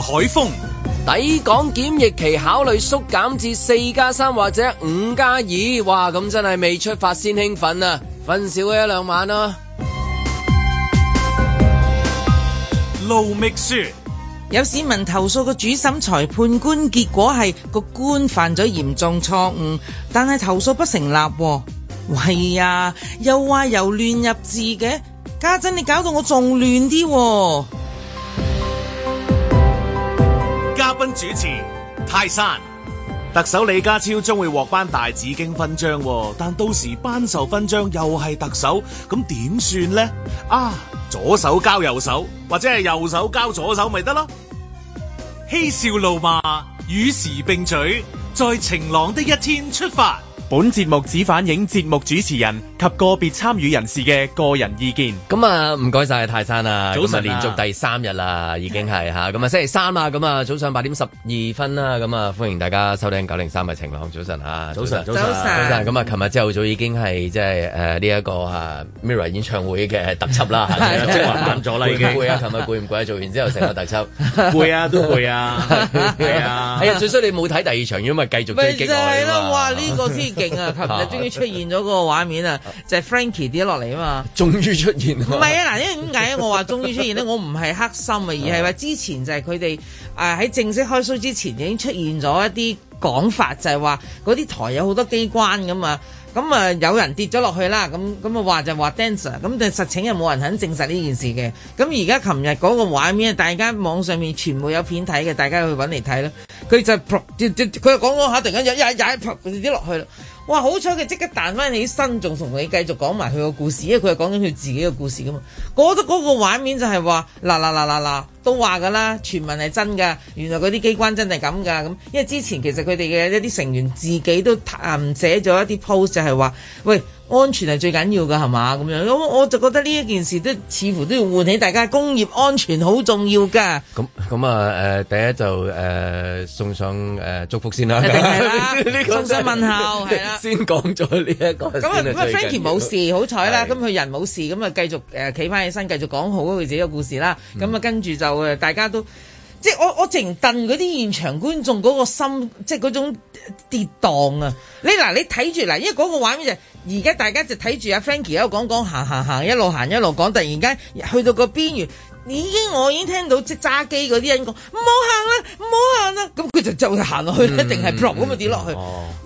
海風抵港檢疫期考慮縮減至四加三或者五加二，哇！咁真係未出發先興奮啊，瞓少咗一兩晚啊。盧覓雪有市民投訴個主審裁判官，結果係個官犯咗嚴重錯誤，但係投訴不成立喎。喂呀，又話由亂入字嘅家陣，你搞到我仲亂啲。分主持泰山，特首李家超將會獲頒大紫荊勳章，但到時頒授勳章又係特首，咁點算咧？啊，左手交右手，或者係右手交左手咪得咯？嬉笑怒罵與時並舉，在晴朗的一天出發。本節目只反映節目主持人及個別參與人士嘅個人意見。咁啊，唔該晒泰山啦。早晨。咁啊，連續第三日啦，已經係嚇。咁啊，星期三啊，咁啊，早上八點十二分啦。咁啊，歡迎大家收聽九零三嘅晴朗。早晨啊，早晨，早晨。咁啊，琴日朝早，早，早，早，早已經係即係誒呢一個嚇 MIRROR 演唱會嘅特輯啦 即係精華版咗啦已經。攰啊！琴日攰唔攰啊？做完之後成個特輯攰 啊，都攰啊，係 累啊。係 啊，最衰你冇睇第二場，因為繼續追擊。咪就係咯！哇，呢個先勁啊！琴日係終於出現咗個畫面啊！就係、是、Frankie 跌咗落嚟啊嘛，終於出現。唔係啊，嗱，因為點解我話終於出現咧？我唔係黑心啊，而係話之前就係佢哋誒喺正式開 show 之前已經出現咗一啲講法，就係話嗰啲台有好多機關㗎嘛。咁啊，有人跌咗落去啦。咁咁啊，話就話 Dancer。咁但實情又冇人肯證實呢件事嘅。咁而家琴日嗰個畫面，大家網上面全部有片睇嘅，大家去揾嚟睇啦。佢就跌跌，佢講講下，突然間曳曳曳一跌落去。哇！好彩佢即刻彈翻起身，仲同你繼續講埋佢個故事，因為佢係講緊佢自己嘅故事噶嘛。嗰度嗰個畫面就係話，嗱嗱嗱嗱嗱，都話噶啦，傳聞係真噶，原來嗰啲機關真係咁噶。咁因為之前其實佢哋嘅一啲成員自己都啊寫咗一啲 post，就係話喂。安全係最緊要㗎，係嘛？咁樣咁，我就覺得呢一件事都似乎都要喚起大家工業安全好重要㗎。咁咁啊誒，第一就誒、呃、送上誒、呃、祝福先啦，係啦 係送上問候係 啦。先講咗呢一個咁啊，Frankie 冇事好彩啦，咁佢人冇事，咁啊繼續誒企翻起身，繼續講好佢自己嘅故事啦。咁、嗯、啊，跟住就大家都即我我直情戥嗰啲現場觀眾嗰個心，即嗰種跌宕啊！你嗱你睇住嗱，因為嗰個畫面就係。而家大家就睇住阿 Frankie 一路講講，行行行，一路行一路講，突然間去到個邊緣。已經我已經聽到即揸機嗰啲人講唔好行啦，唔好行啦，咁佢就就行落去一定係仆咁咪跌落去。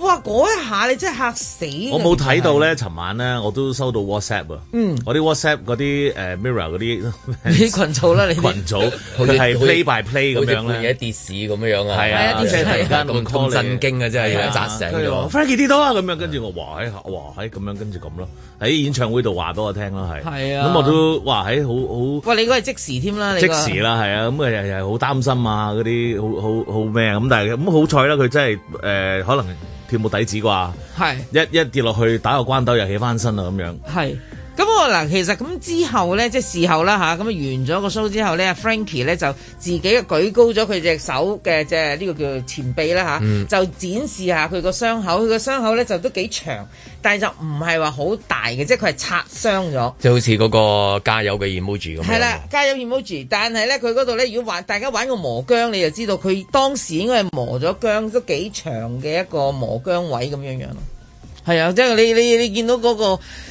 哇！嗰一下你真係嚇死！我冇睇到咧，尋、就是、晚咧我都收到 WhatsApp。嗯，我啲 WhatsApp 嗰啲誒 Mirror 嗰啲群組啦，羣組佢係 play by play 咁樣啦，一跌屎咁樣樣是啊，係啊，咁咁、啊啊啊啊、震驚啊真係，扎醒咗。Frankie，跌多啊咁、啊、樣，跟住我話喺嚇，話喺咁樣，跟住咁咯喺演唱會度話俾我聽啦，係。係啊。咁我都話喺好好。喂，你嗰個即時添啦，即時啦，係啊，咁、嗯、啊又又好擔心啊，嗰啲好好好咩，咁但係咁好彩啦，佢真係誒、呃、可能跳舞底子啩，係一一跌落去打個關斗又起翻身啦咁樣。係。咁我嗱，其實咁之後咧，即係事後啦吓，咁啊完咗個 show 之後咧，Frankie 咧就自己舉高咗佢隻手嘅即係呢個叫做前臂啦吓，就展示下佢個傷口。佢個傷口咧就都幾長，但係就唔係話好大嘅，即係佢係擦傷咗。就好似嗰個加油嘅 emoji 咁。係啦，加油 emoji，但係咧佢嗰度咧，如果玩大家玩個磨姜，你就知道佢當時應該係磨咗姜都幾長嘅一個磨姜位咁樣樣咯。係啊，即係你你你見到嗰個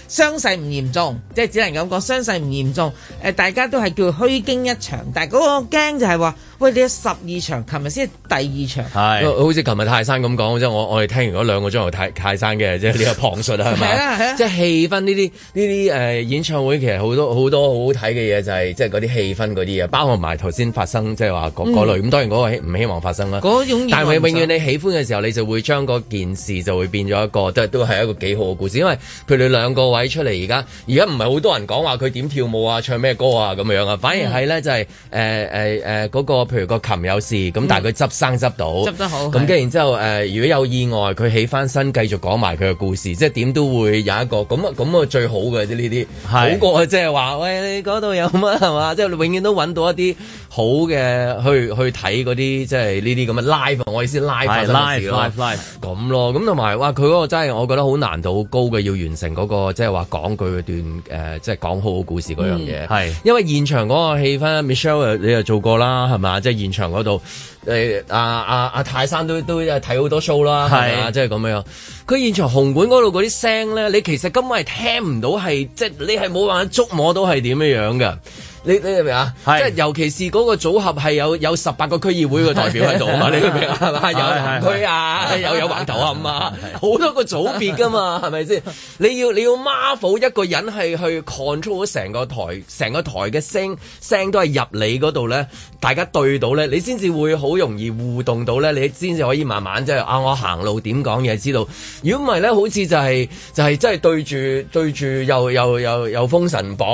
傷勢唔嚴重，即係只能咁講傷勢唔嚴重。誒，大家都係叫虛驚一場，但係嗰個驚就係話。喂，你十二場，琴日先第二場，係好似琴日泰山咁講，即係我我哋聽完嗰兩個鐘頭泰泰山嘅，即係呢個旁述 啊，係嘛、啊？即、就、係、是、氣氛呢啲呢啲誒演唱會其實好多，多好多好好睇嘅嘢，就係即係嗰啲氣氛嗰啲嘢，包含埋頭先發生即係話各類。咁、嗯、當然嗰個唔希望發生啦、嗯。但係永遠你喜歡嘅時候，你就會將嗰件事就會變咗一個都都係一個幾好嘅故事，因為譬如你兩個位出嚟而家而家唔係好多人講話佢點跳舞啊、唱咩歌啊咁樣啊，反而係咧就係誒誒誒嗰個。譬如個琴有事咁，但係佢執生執到，執得好。咁跟然之後，誒、呃、如果有意外，佢起翻身繼續講埋佢嘅故事，即係點都會有一個咁啊咁啊最好嘅啫。呢啲好過即係話，喂你嗰度有乜係嘛，即係你永遠都揾到一啲好嘅去去睇嗰啲，即係呢啲咁嘅 live。我意思 live，live，live 咁 live, live, live 咯。咁同埋哇，佢嗰個真係我覺得好難度高嘅，要完成嗰、那個即係話講佢段誒，即係講、呃、好好故事嗰樣嘢。係、嗯、因為現場嗰個氣氛，Michelle 你又做過啦，係咪？啊！即係現場嗰度，誒啊啊泰山都都睇好多 show 啦，係啊！即係咁樣樣。佢現場紅館嗰度嗰啲聲咧，你其實根本係聽唔到，係即係你係冇辦法觸摸到係點樣樣嘅。你你明唔明啊？即係尤其是嗰個組合係有有十八個區議會嘅代表喺度啊嘛， 你明係係嘛？ 有南區啊，又 有橫頭啊磡啊， 嘛 好多個組別㗎嘛，係咪先？你要你要 Marvel 一個人係去 control 咗成個台成個台嘅聲聲都係入你度咧，大家對到咧，你先至會好容易互動到咧，你先至可以慢慢即係啊，我行路點講嘢知道？如果唔係咧，好似就係就係即係對住對住又又又又封神榜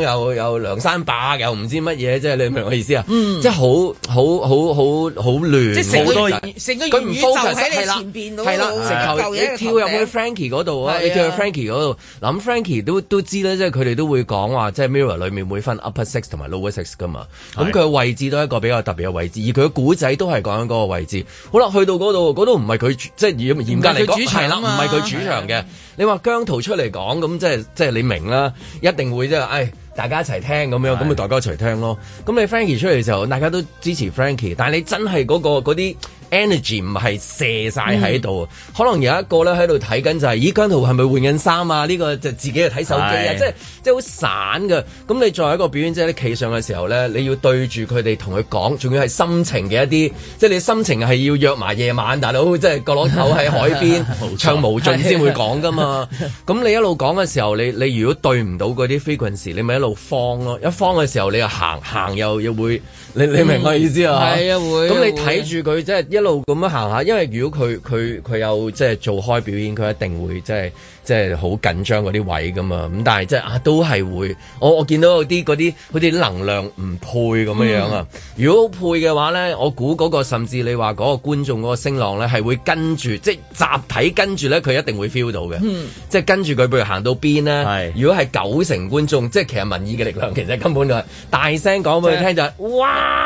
又又梁山。霸又唔知乜嘢，嗯嗯，即係你明我意思啊？即係好好好好好亂，即係好多成佢唔 focus 喺你前邊、那個，係啦，成舊嘢。你跳入去 Frankie 嗰度啊，你跳去 Frankie 嗰度。嗱 Frankie, Frankie 都都知咧，即係佢哋都會講話，即係 Mirror 裏面會分 Upper Six 同埋 Lower Six 噶嘛。咁佢嘅位置都係一個比較特別嘅位置，而佢嘅古仔都係講緊嗰個位置。好啦，去到嗰度，嗰度唔係佢即係嚴嚴格嚟講，唔係佢主場啊嘛，唔係佢主場嘅。你話姜濤出嚟講咁，即係即係你明啦，一定會即係誒。大家一齊聽咁樣，咁咪大家一齊聽咯。咁你 Frankie 出嚟時候，大家都支持 Frankie，但係你真係嗰個嗰啲 energy 唔係射晒喺度，可能有一個咧喺度睇緊就係、是，咦姜濤係咪換緊衫啊？呢、這個就自己去睇手機啊，即係即係好散㗎。咁你作為一個表演者你企上嘅時候咧，你要對住佢哋同佢講，仲要係心情嘅一啲，即係你心情係要約埋夜晚大佬，但會即係角落頭喺海邊 唱無盡先會講噶嘛。咁 你一路講嘅時候，你你如果對唔到嗰啲 frequency，你咪一路方咯。一方嘅時候，你又行行又又會，你你明我意思啊？係、嗯、啊，會。咁你睇住佢即係。一路咁樣行下，因為如果佢佢佢有即係、就是、做開表演，佢一定會即係即係好緊張嗰啲位噶嘛。咁但係即係啊，都係會我我見到有啲嗰啲好似能量唔配咁樣樣啊、嗯。如果配嘅話咧，我估嗰、那個甚至你話嗰觀眾個聲浪咧，係會跟住即係集體跟住咧，佢一定會 feel 到嘅。即、嗯、係、就是、跟住佢，譬如行到邊咧。如果係九成觀眾即係其實民意嘅力量，其實根本就係大聲講俾佢聽就係哇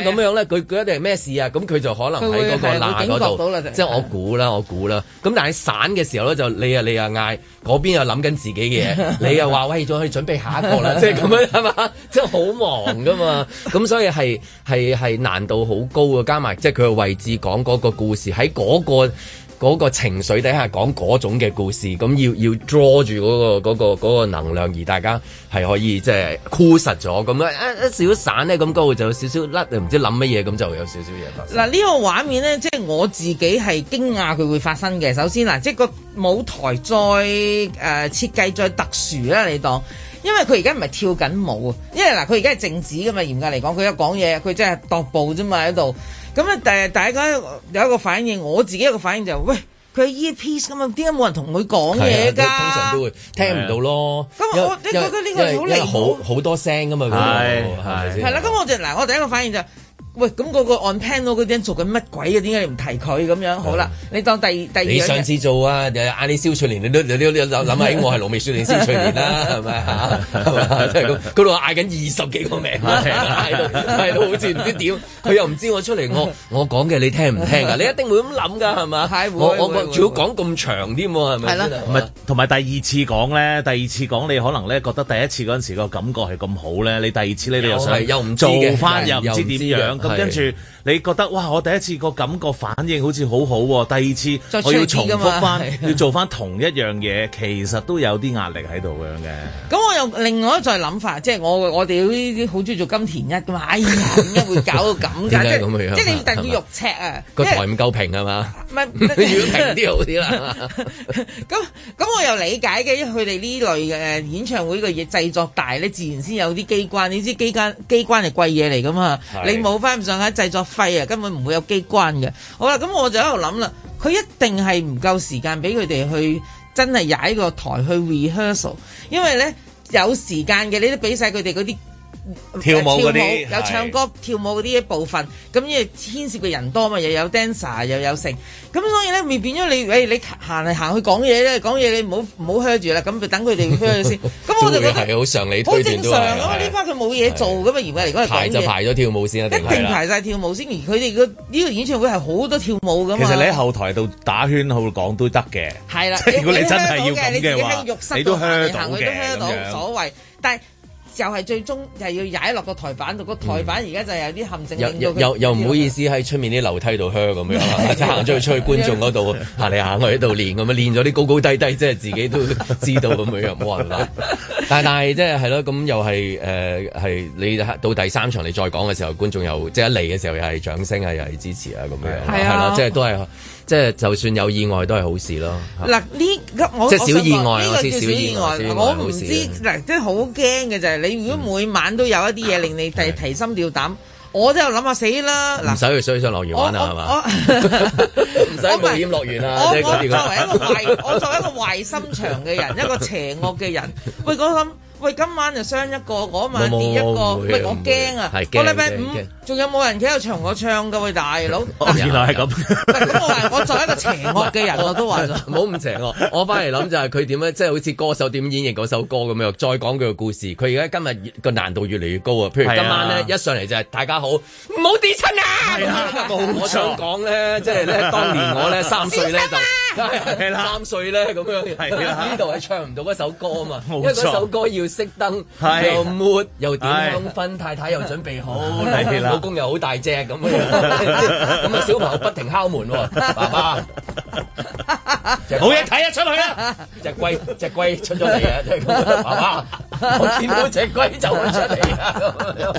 咁、啊、樣樣咧。佢佢一定係咩事啊？咁佢就可能。喺嗰個欄嗰度，即係、那個就是、我估啦，我估啦。咁但係散嘅時候咧，你就你又你又嗌嗰邊又諗緊自己嘅嘢， 你又話喂，仲可以準備下一個啦，即係咁樣係 嘛？即係好忙噶嘛。咁所以係係係難度好高嘅，加埋即係佢嘅位置講嗰個故事喺嗰、那個。嗰、那個情緒底下講嗰種嘅故事，咁要要 draw 住嗰、那個嗰嗰、那個那個、能量，而大家係可以即係箍實咗，咁樣一少散咧，咁嗰度就有少少甩，唔知諗乜嘢，咁就有少少嘢發生。嗱呢個畫面咧，即、就、係、是、我自己係驚訝佢會發生嘅。首先嗱，即係個舞台再誒、呃、設計再特殊啦，你當，因為佢而家唔係跳緊舞啊，因為嗱佢而家係靜止㗎嘛，嚴格嚟講，佢一講嘢，佢真係踱步啫嘛喺度。咁咧，第日大家有一個反應，我自己一個反應就係、是，喂，佢係 earpiece 咁啊，點解冇人同佢講嘢㗎？通常都會聽唔到咯。咁我你覺得呢個，個好離好好多聲噶嘛，係係、啊。係、那、啦、個，咁、啊啊、我就嗱，我第一個反應就是。喂，咁、那、嗰個 on panel 嗰啲人做緊乜鬼啊？點解你唔提佢咁樣？好啦，你當第二第二你上次做啊，嗌你肖翠蓮，你都都諗諗我係盧美雪定肖翠蓮啦，係咪啊？即嗌緊二十幾個名，係 咯是的， 好似唔知點。佢 又唔知我出嚟，我 我講嘅你聽唔聽啊？ 你一定會咁諗㗎，係咪、哎？我我仲要講咁長添喎，係咪？係同埋第二次講咧，第二次講你可能咧覺得第一次嗰陣時個感覺係咁好咧，你第二次咧你又想做翻又唔知點樣。跟住，你覺得哇！我第一次個感覺反應好似好好喎，第二次我要重複翻，要做翻同一樣嘢，其實都有啲壓力喺度咁樣嘅。咁我又另外一再諗法，即係我我哋呢啲好中意做金田一噶嘛？哎呀，點解會搞到咁㗎？ 即係咁樣，即係你特別肉赤啊！個台唔夠平呀嘛？唔係 要平啲好啲啦。咁 咁 我又理解嘅，因為佢哋呢類嘅演唱會嘅嘢製作大咧，自然先有啲機關。你知機關機關係貴嘢嚟㗎嘛？你冇翻。上喺製作費啊，根本唔會有機關嘅。好啦，咁我就喺度諗啦，佢一定係唔夠時間俾佢哋去真係踩個台去 rehearsal，因為咧有時間嘅，你都俾晒佢哋嗰啲。跳舞嗰啲、呃，有唱歌、跳舞嗰啲部分，咁因為牽涉嘅人多嘛，又有 dancer，又有剩，咁所以咧，咪變咗你，喂，你行嚟行去講嘢咧，講嘢你唔好唔好 h 住啦，咁就等佢哋去 h e r 去先。咁 我就覺得常好常理，好正常咁嘛，呢班佢冇嘢做，咁啊，而家嚟講排就排咗跳舞先，一定排晒跳舞先，而佢哋呢個演唱會係好多跳舞㗎嘛。其實你喺後台度打圈好講都得嘅，係啦。如果你真係要咁嘅，你，你都 h 行去都 h 到，無所謂。但就係、終又係最終係要踩落個台板度，個台板而家就係有啲陷阱、嗯、又又唔好意思喺出面啲樓梯度靴咁樣， 行咗去，去觀眾嗰度行嚟行去喺度 練咁樣，練咗啲高高低低，即係自己都知道咁樣，冇人鬧。但係但係即係係咯，咁、嗯、又係誒係你到第三場你再講嘅時候，觀眾又即係嚟嘅時候又係掌聲 啊，又係支持啊咁樣，係啦，即係都係。即係就算有意外都係好事咯。嗱，呢我即小意外我覺得呢個叫小意外，我唔知嗱，即係好驚嘅就係你如果每晚都有一啲嘢令你提心吊膽、嗯、我都有諗下死啦。嗱，唔使去水上樂園玩啦，係嘛？唔使 冒險樂園啦。我、就係嗰個、我，我， 我作為一個壞我作為一個壞心腸嘅人， 一個邪惡嘅人，喂，我、嗰、諗、個，喂，今晚就傷一個嗰、嗰個、晚跌一個個，喂，我驚啊！我禮拜五。仲有冇人企喺度唱我唱㗎喂，大佬。原來係咁。 咁我我作為一個邪惡嘅人 我都話唔好咁邪惡。我翻嚟諗就係佢點樣，即 係好似歌手點演繹嗰首歌咁樣，再講佢嘅故事。佢而家今日個難度越嚟越高啊！譬如今晚咧、啊、一上嚟就係、是、大家好，唔好、啊、跌親啊！啊、我想講咧，即係咧， 當年我咧三歲咧就 三歲咧咁樣。呢度係唱唔到嗰首歌啊嘛，啊因為嗰首歌要熄燈，啊、又抹、啊、又點香薰，啊、太太又準備好 老公又好大隻咁樣，咁啊小朋友不停敲門喎，爸爸，冇嘢睇啊，出去啊， 隻龜隻龜出咗嚟啊，咁爸爸，我見到隻龜走咗出嚟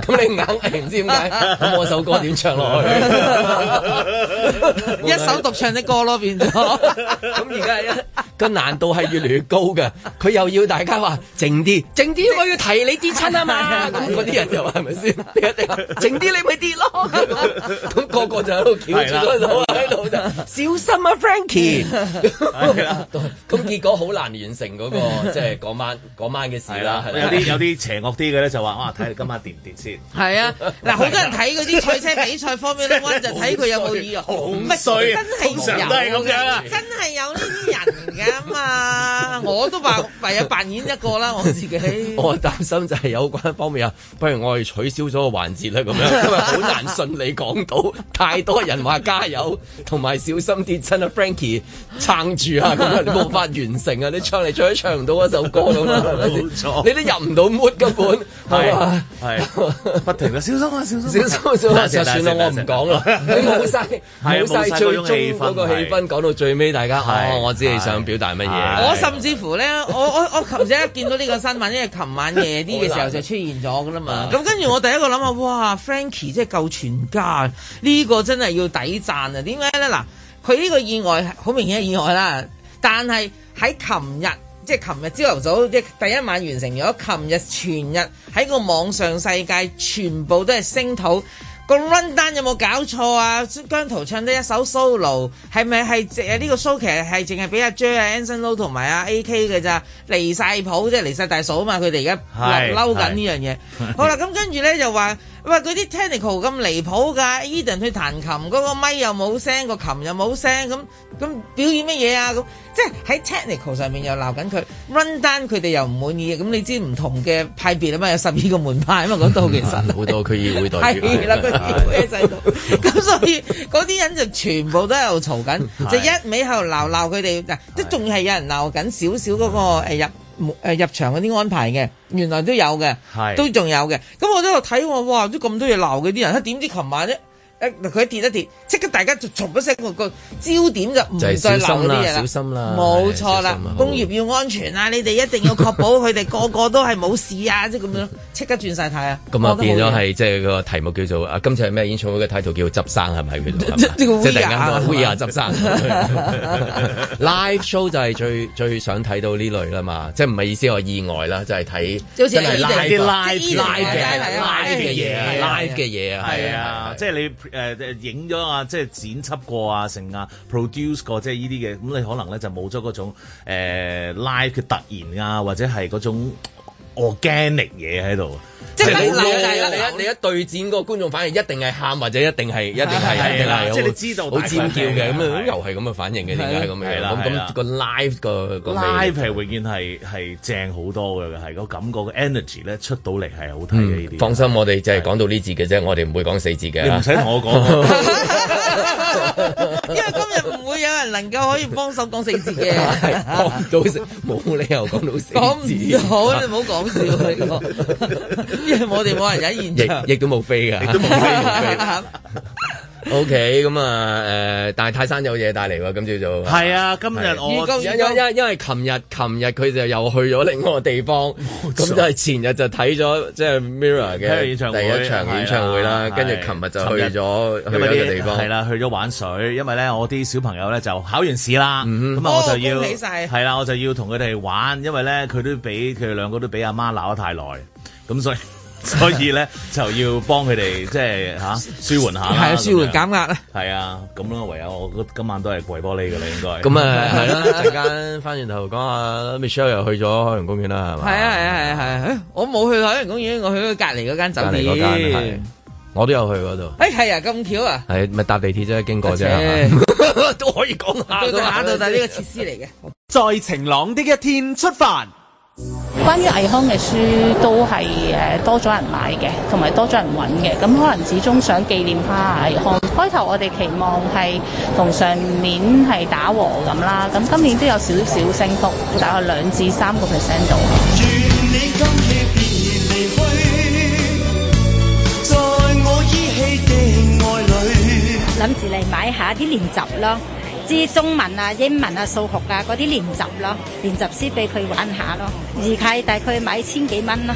咁你硬係唔知點解，咁我首歌點唱落去？ 一首獨唱的歌咯，變咗，咁而家係一個 難度係越嚟越高嘅，佢又要大家話靜啲，靜啲，我要提你啲親啊嘛，咁嗰啲人就話係咪先？ 靜啲你咪跌咯， 咁 個，個個就喺度翹住喺度，喺度就小心啊，Frankie。咁 結果好難完成嗰、嗰個即係嗰晚嗰晚嘅事啦。有啲有啲邪惡啲嘅咧，就話啊，睇下今晚掂唔掂先。係啊，嗱好多人睇嗰啲賽車比賽 方面咧，就睇佢有冇意外啊，好乜啊，通常都係咁樣啊，真係有呢啲 人㗎嘛， 我都話唯有扮演一個啦，我自己。 我擔心就係有關方面啊，不如我哋取消咗個環節 樣因為好難順利講到太多人話加油，同埋小心跌親啊，Frankie 撐住啊，咁樣你冇法完成啊！你唱嚟唱都唱唔到嗰首歌啦， 你都入唔到 mood 根 本係啊，係 不停啊！小心啊，小心小心小心！ 不停 算啦，我唔講啦，冇曬冇晒最中嗰個氣氛，講 到最尾大家，哇，哦！我知你想表達乜嘢，我甚至乎咧， 我我我琴日一見到呢個新聞，因為琴晚夜啲嘅時候就出現咗噶啦嘛。咁跟住我第一個諗啊，哇！Frankie 即係夠全家，呢個真係要抵讚啊！點解咧？嗱，佢呢個意外好明顯係意外啦，但係喺琴日，即係琴日朝頭早即係第一晚完成咗。琴日全日喺個網上世界全部都係聲討，個 run down 有冇搞錯啊？姜濤唱得一首 solo，係咪係？誒，呢個 show 其實係淨係俾阿 Jer、mm -hmm.、阿 Anson Lo 同埋阿 AK 嘅咋？離晒譜，即係離晒大嫂啊嘛！佢哋而家嬲緊呢樣嘢。 好啦，咁跟住咧就話。喂，嗰啲 technical 咁離譜㗎，Eden 佢彈琴嗰、嗰個咪又冇聲，嗰個琴又冇聲，咁咁表演乜嘢啊？咁即係喺 technical 上面又鬧緊佢，run down，佢哋又唔滿意，咁你知唔同嘅派別啊嘛，有十二個門派啊嘛，講、嗯、到、嗯、其實好多區議會代表，係啦，區議會制度，咁 所以嗰啲人就全部都喺度嘈緊， 就一味喺度鬧鬧佢哋， 即係仲要係有人鬧緊 少少嗰、嗰個入誒，入場嗰啲安排嘅，原來都有嘅，係都仲有嘅。咁我喺度睇我，哇！都咁多嘢鬧嘅啲人，點知琴晚啫佢跌一跌，即刻大家就嘈一聲，個焦點就唔再留意啲嘢啦、就是、小心啦，小心啦，冇錯啦，工業要安全啊，你哋一定要確保佢哋個個都係冇事啊！即 咁樣，即刻轉晒態啊！咁 啊，變咗係即係個題目叫做啊，今次係咩演唱會嘅態度叫執生係咪？佢即係突然間，We Are 執生。Live show 就係最最想睇到呢類啦嘛，即係唔係意思話意外啦，就係、是、睇真係拉啲 live live 嘅嘢，live 嘅嘢啊，啊，即係你。誒、呃、誒，影咗啊，即係剪輯過啊，成啊 produce 過，即係呢啲嘅，咁你可能咧就冇咗嗰種、呃、live 嘅突然啊，或者係嗰種。我驚力嘢喺度，即係你一你一你一對戰嗰個觀眾，反而一定係喊或者一定係一定係，即係你知道好尖叫嘅咁樣，又係咁嘅反應嘅，點解係咁嘅啦。咁個 live 個 live 係永遠係係正好多嘅，係個感覺嘅 energy 咧出到嚟係好睇嘅呢啲。放心，我哋就係講到呢字嘅啫，我哋唔會講四字嘅。你唔使同我講。 因為今日唔會有人能夠可以幫手講四字嘅，講、哎、到冇 理由講到四字。好， 你唔好講笑， 你我哋冇人喺現場，亦亦都冇飛㗎。 有 O K，咁啊，誒、呃，但係泰山有嘢帶嚟喎，今朝早係啊。今日我因因因為琴日琴日佢就又去咗另外個地方，咁就係前日就睇咗即係 Mirror 嘅第一場演唱會啦。跟住琴日就去咗去咗個地方，係、就是、啦，啦，啦，去咗玩水。因為咧，我啲小朋友咧就考完試啦，咁、嗯、啊，我就要係、哦、啦，我就要同佢哋玩。因為咧，佢都俾佢哋兩個都俾阿媽鬧得太耐，咁所以。所以咧就要幫佢哋即係吓舒緩下，係啊舒緩減壓啦。係啊，咁咯，唯有我，我今晚都係跪玻璃噶啦，應該。咁啊，係咯、啊，一陣間翻轉頭講下 Michelle 又去咗海洋公園啦，係咪？係啊係啊係啊係啊，啊啊啊欸、我冇去海洋公園，我去咗隔籬嗰間酒店。我都有去嗰度。誒，係啊，咁、欸啊、巧啊，係咪搭地鐵啫，經過啫，嗯啊啊、 都可以講下下，就係呢個設施嚟嘅。在晴朗的一天出發。關於倪匡嘅書都係誒多咗人買嘅，同埋多咗人搵嘅，咁可能始終想紀念下倪匡。開頭我哋期望係同上年係打和咁啦，咁今年都有少少升幅，大概兩至三個 percent 度。願你今夜別離去，在我依稀嘅愛裡，諗住嚟買下啲練習啦。啲中文啊、英文啊、數學啊嗰啲練習咯，練習書俾佢玩下咯，而家大概買千幾蚊咯。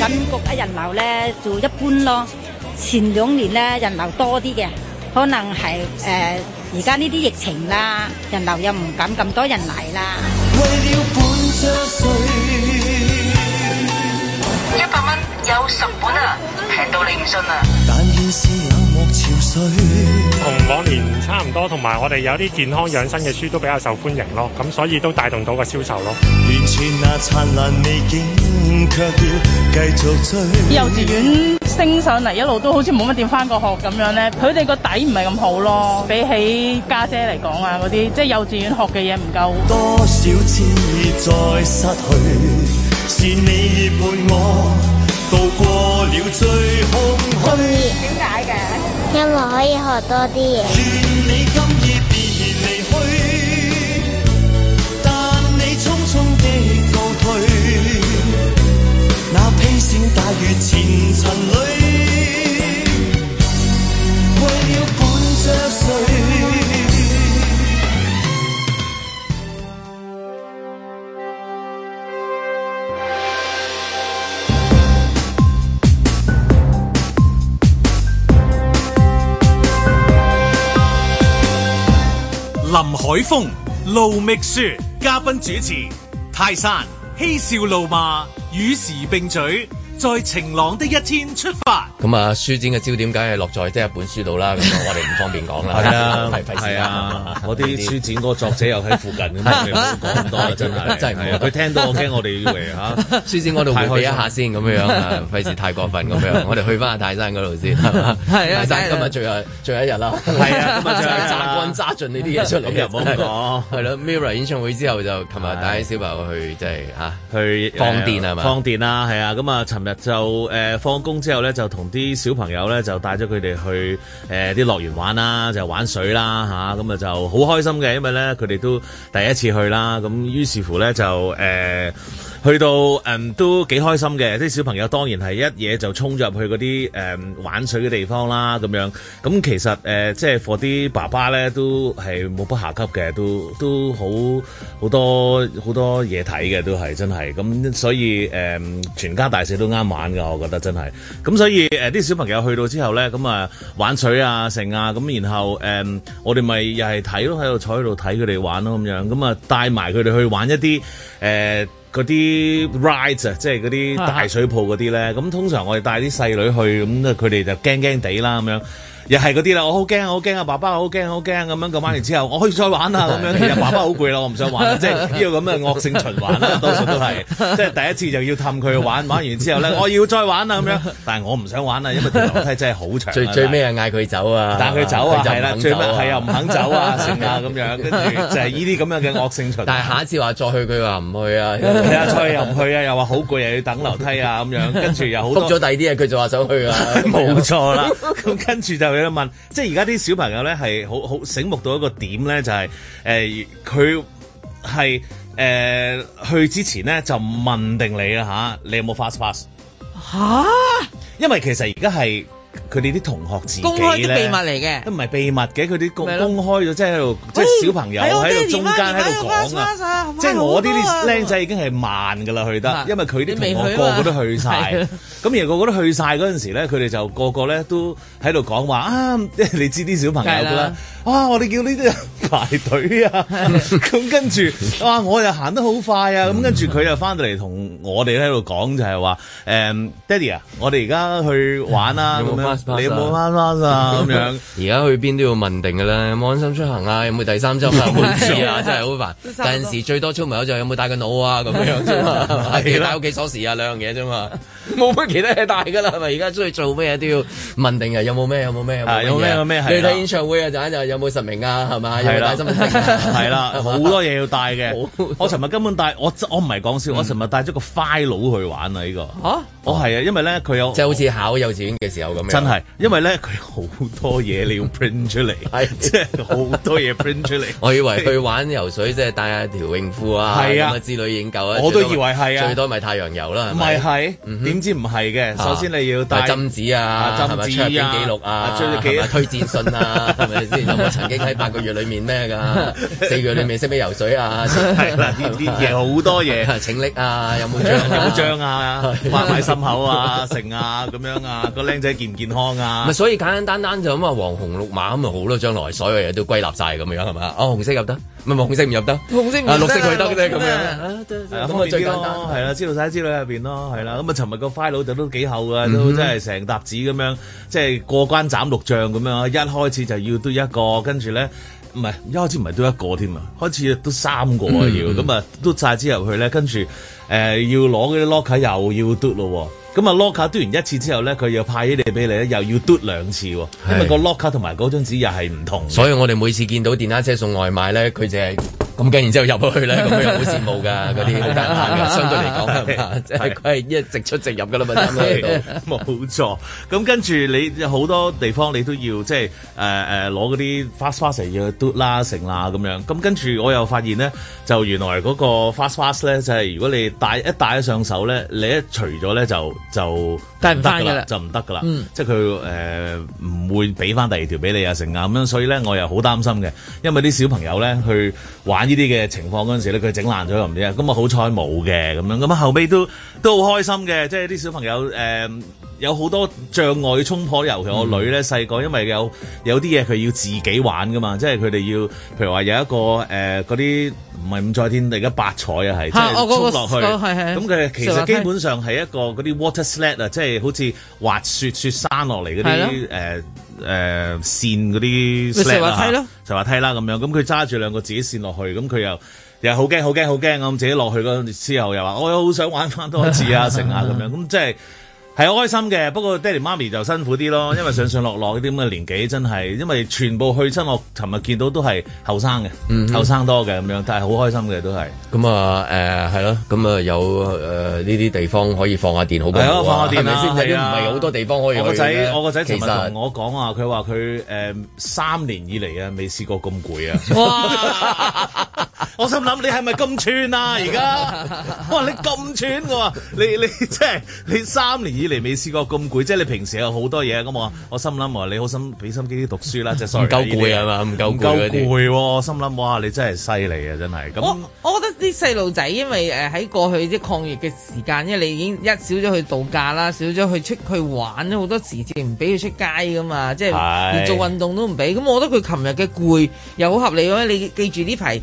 感覺啊人流咧就一般咯，前兩年咧人流多啲嘅，可能係誒而家呢啲疫情啦，人流又唔敢咁多人嚟啦。一百蚊有十本啊，平到你唔信啊！但願是。同往年差唔多，同埋我哋有啲健康養生嘅書都比較受歡迎咯，咁所以都帶動到個銷售咯。幼稚園升上嚟一路都好似冇乜點返過學咁樣咧，佢哋個底唔係咁好咯，比起家姐嚟講啊嗰啲，即係幼稚園學嘅嘢唔夠。多少次再失去，是你伴我度過了最空虛。點解嘅？因為可以學多啲嘢。願你今夜別離去，但你匆匆地告退海峰、盧覓雪、嘉賓主持泰山嬉笑怒罵與時並舉。在晴朗的一天出發。咁啊，書展嘅焦點梗係落在即係本書度啦。咁我哋唔方便講啦。係啊，係啊，我啲書展嗰個作者又喺附近㗎嘛，唔講多真係佢聽到我驚我哋嚟嚇，書展我哋會避一下先咁 樣啊，費事太過分咁樣。我哋去翻下泰山嗰度先，泰 大山 今日最 最最日最後最後一日啦。係 啊，咁啊，最後揸乾揸盡呢啲嘢出嚟入，冇講係咯。Mirror 演唱會之後就琴日帶啲小朋友去即係嚇去放電係咪？放電啊，係啊。咁啊，尋。日就誒放工之後咧，就同啲小朋友咧就帶咗佢哋去誒啲、呃、樂園玩啦，就玩水啦嚇，咁啊就好開心嘅，因為咧佢哋都第一次去啦，咁於是乎咧就誒。呃去到誒、嗯、都幾開心嘅，啲小朋友當然係一嘢就衝咗入去嗰啲誒玩水嘅地方啦咁樣。咁、嗯、其實誒、呃、即係 for 啲爸爸咧都係冇不下級嘅，都都好好多好多嘢睇嘅都係真係。咁、嗯、所以誒、嗯、全家大細都啱玩㗎，我覺得真係。咁、嗯、所以啲、呃、小朋友去到之後咧，咁、嗯、啊玩水啊成啊，咁然後誒、嗯、我哋咪又係睇咯，喺度坐喺度睇佢哋玩咯咁樣，咁啊帶埋佢哋去玩一啲誒。呃嗰啲 rides 啊，即係嗰啲大水泡嗰啲咧，咁通常我哋帶啲細女去，咁佢哋就驚驚哋啦，咁樣。又係嗰啲啦，我好驚，我好驚啊！爸爸好驚，好驚咁樣，咁玩完之後，我可以再玩啊咁樣。其實爸爸好攰啦，我唔想玩啦，即係呢個咁嘅惡性循環啦，多數都係即係第一次就要氹佢玩，玩完之後咧，我要再玩啊咁樣。但係我唔想玩啦，因為條樓梯真係好長。最最尾啊，嗌佢走啊，但佢走，走啊，係啦，最尾係又唔肯走啊，成啊咁樣，跟住就係呢啲咁樣嘅惡性循環。但係下一次話再去，佢話唔去啊，係啊， 再去又唔去啊，又話好攰，又要等樓梯啊咁樣，跟住又好。復咗第二啲嘢，佢就話走去啊，冇 錯啦了，咁 跟住就。佢一問，即係而家啲小朋友咧係好好醒目到一個點咧，就係佢係去之前咧就問定你啦吓，啊、你有冇 fast pass 嚇，因為其實而家係。佢哋啲同學自己公開嘅秘密嚟嘅，都唔係秘密嘅，佢啲公公開咗，即係喺度，即係、 即係、小朋友喺度中間喺度講啊，即係我呢啲僆仔已經係慢噶啦去得， 因為佢啲同學個個都去晒。咁 而個個都去晒嗰陣時咧，佢哋就個個咧都喺度講話啊，即係你知啲小朋友噶啦， 啊我哋叫呢啲。排隊啊，咁、啊、 跟住啊，我又行得好快啊，咁跟住佢又翻到嚟同我哋喺度講就係、是、話，誒、嗯，爹哋啊，我哋而家去玩啊，嗯、有冇 pass pass 啊？咁樣，而家、啊啊、去邊都要問定噶啦，有冇安心出行啊？有冇第三針？唔好意思啊， 真係好煩。第時最多小朋友就有冇帶個腦啊？咁樣啫嘛，係啦，帶屋企鎖匙啊，兩樣嘢啫嘛，冇 乜其他嘢帶噶啦，係咪？而家出去做咩都要問定有有有有啊，有冇咩？有冇咩？有咩？有咩？你睇演唱會啊，就係有冇實名啊？係咪？係啦，好 是的 多嘢要帶嘅。 我尋日根本帶我，我唔係講笑。嗯、我尋日帶咗個 file 去玩、這個、啊！呢個吓，我係啊，因為咧佢有即係好似考幼稚園嘅時候咁樣。真係，因為咧佢好多嘢你要 print 出嚟，係即係好多嘢 print 出嚟。 我以為去玩游水即係帶下條泳褲啊，係啊之類影夠啊。我都以為係啊，最多咪、就是啊、太陽油啦，唔係係？點、嗯、知唔係嘅？首先你要帶針紙啊，係咪？唱片記錄啊，幾多、啊啊、推薦信啊，係咪先？我、啊、 曾經喺八個月裏面。咩噶四腳你未識咩游水啊？係呢嘢好多嘢，請力啊！有冇章、啊？有冇章啊？挖埋心口啊！剩啊咁樣啊！個靚仔健唔健康啊？咪所以簡簡單單就咁啊，黃紅綠馬咁咪好咯。將來所有嘢都歸納晒咁樣係嘛？啊，oh, 紅色入得，咪咪，紅色唔入得，紅色唔、啊、綠色佢得啫咁樣、啊，係開邊啲咯？係啦、啊，知道晒，知道喺入邊咯，係啦。咁、嗯、啊，尋日個 file 就都幾厚啊、嗯，都真係成沓紙咁樣，即、就、係、是、過關斬六將咁樣。一開始就要堆一個，跟住咧。唔係，一開始唔係都一個添啊，開始都三個啊要，咁啊嘟晒之後去咧，跟住誒、呃、要攞嗰啲 locker 又要嘟咯，咁啊 locker 嘟完一次之後咧，佢又派啲嘢俾你咧，又要嘟兩次，因為個 locker 同埋嗰張紙又係唔同。所以我哋每次見到電單車送外賣咧，佢就係。咁跟然之後入咗去咧，咁佢又好羨慕㗎嗰啲好大膽嘅，相對嚟講，即係佢係一直出直入㗎啦嘛，差唔多呢度冇錯。咁跟住你好多地方你都要即係誒誒攞嗰啲 fast pass 要 do 啦成啦咁樣。咁跟住我又發現咧，就原來嗰個 fast pass 咧就係如果你戴一戴咗上手咧，你一除咗咧就就得唔得㗎啦？就唔得㗎啦，即係佢誒唔會俾翻第二條俾你啊成啊咁樣。所以咧我又好擔心嘅，因為啲小朋友咧去玩。呢啲嘅情況嗰陣時咧，佢整爛咗又唔知啊，咁啊好彩冇嘅咁樣，咁啊後尾都都好開心嘅，即係啲小朋友誒、呃、有好多障礙要衝破，尤其我女咧細個，因為有有啲嘢佢要自己玩噶嘛，即係佢哋要，譬如話有一個誒嗰啲唔係五彩天地，而家八彩啊，係即係衝落去，咁、那、佢、個那個那個、其實基本上係一個嗰啲 water slide 啊，即係好似滑雪雪山落嚟嗰啲誒。誒線嗰啲 slide 囉，就滑梯啦咁樣，咁佢揸住兩個自己線落去，咁佢又又好驚好驚好驚咁自己落去嗰之後，又話我又好想玩翻多一次啊成啊咁樣，咁即係。係好開心嘅，不過爹哋媽咪就辛苦啲咯，因為上上落落啲咁嘅年紀真係，因為全部去親我，尋日見到都係後生嘅，後生多嘅咁樣，但係好開心嘅都係。咁啊，誒係咯，咁啊有誒呢啲地方可以放下電好放下電好放下電，係咪先？都唔係好多地方可以，啊。我個仔，啊，我個仔尋日同我講啊，佢話佢誒三年以嚟啊，未試過咁攰啊。 我心諗你係咪咁串啊？而 家哇，你咁串嘅，你你即係你三年以嚟未試過咁攰，即係你平時有好多嘢咁啊！我心諗，哇，你好心俾心機啲讀書啦，即係 s o 夠攰係嘛？唔夠攰，唔我心諗，哇，你真係犀利啊！真係。咁我，我覺得啲細路仔，因為誒喺過去啲抗疫嘅時間，因為你已經一少咗去度假啦，少咗去出去玩，好多時間唔俾佢出街噶嘛，即、就、係、是、做運動都唔俾。咁我覺得佢琴日嘅攰又好合理，因你記住呢排。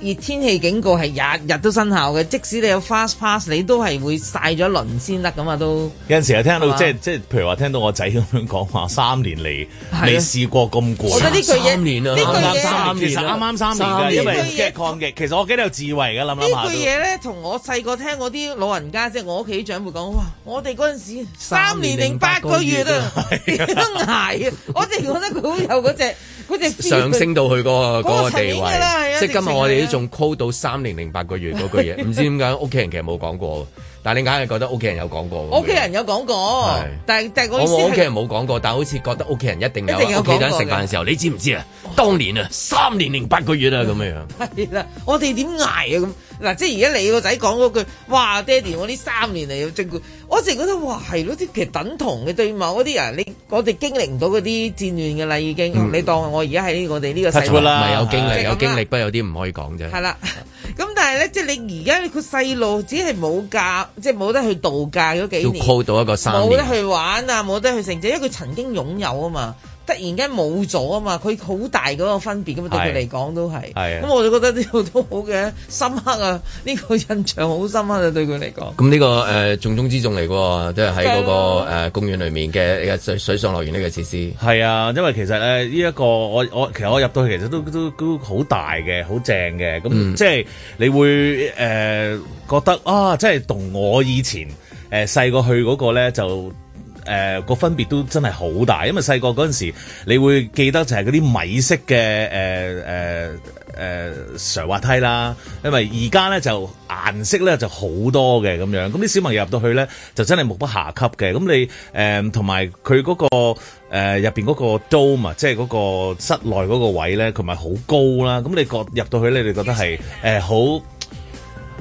熱天氣警告係日日都生效嘅，即使你有 fast pass，你都係會晒咗一輪先得噶嘛，都。有陣時又聽到即係即係，譬如話聽到我仔咁樣講話，三年嚟未試過咁攰。三年啊，呢句三年，啱啱三年因為抗疫，其實我幾有智慧嘅諗諗下都。句呢句嘢咧，同我細個聽我啲老人家即係、就是、我屋企啲長輩講，哇！我哋嗰陣時候三年零八個月啊，月啊是 都我哋覺得佢好有嗰隻。上升到佢嗰個地位，那個，即今日我哋都仲 call 到三年零八個月嗰句嘢，唔 知點解屋企人其實冇講過。但你硬係覺得屋企人有講過，過，屋企人有講過，但係但係我先係屋企人冇講過，但係好似覺得屋企人一定有。屋企人食飯嘅時候，你知唔知啊？哦、當年啊，三年零八個月啊，咁樣樣。我哋點捱啊？咁嗱、啊，即係而家你個仔講嗰句，哇，爹哋，我呢三年嚟要證據。我成覺得哇，係咯，啲其實等同嘅。對某啲人，你我哋經歷唔到嗰啲戰亂嘅啦，已、嗯、經。你當我而家喺我哋呢個世。出、嗯、啦，有經歷、啊、有經歷，不過有啲唔可以講啫。係啦，咁但係咧，即係你而家佢細路只係冇教。即係冇得去度假嗰幾年，冇得去玩啊，冇得去成就，因為佢曾經擁有啊嘛。突然間冇咗啊嘛，佢好大嗰個分別噶嘛，對佢嚟講都係。咁我就覺得呢度都好嘅，深刻啊！呢個印象好深刻啊，對佢嚟講。咁呢個、呃、重中之重嚟喎，即係喺嗰個、呃、公園裏面嘅嘅水水上樂園呢個設施。係啊，因為其實咧呢一個我我其實我入到去其實都都都好大嘅，好正嘅。咁、嗯、即係你會誒、呃、覺得啊，即係同我以前誒、呃、細個去嗰個咧就。誒、呃、個分別都真係好大，因為細個嗰陣時，你會記得就係嗰啲米色嘅誒誒誒滑梯啦，因為而家咧就顏色咧就好多嘅咁樣，咁啲小朋友入到去咧就真係目不暇給嘅，咁你誒同埋佢嗰個入、呃、面嗰個 dome 嘛，即係嗰個室內嗰個位咧，佢咪好高啦，咁你覺入到去咧，你覺得係誒好。呃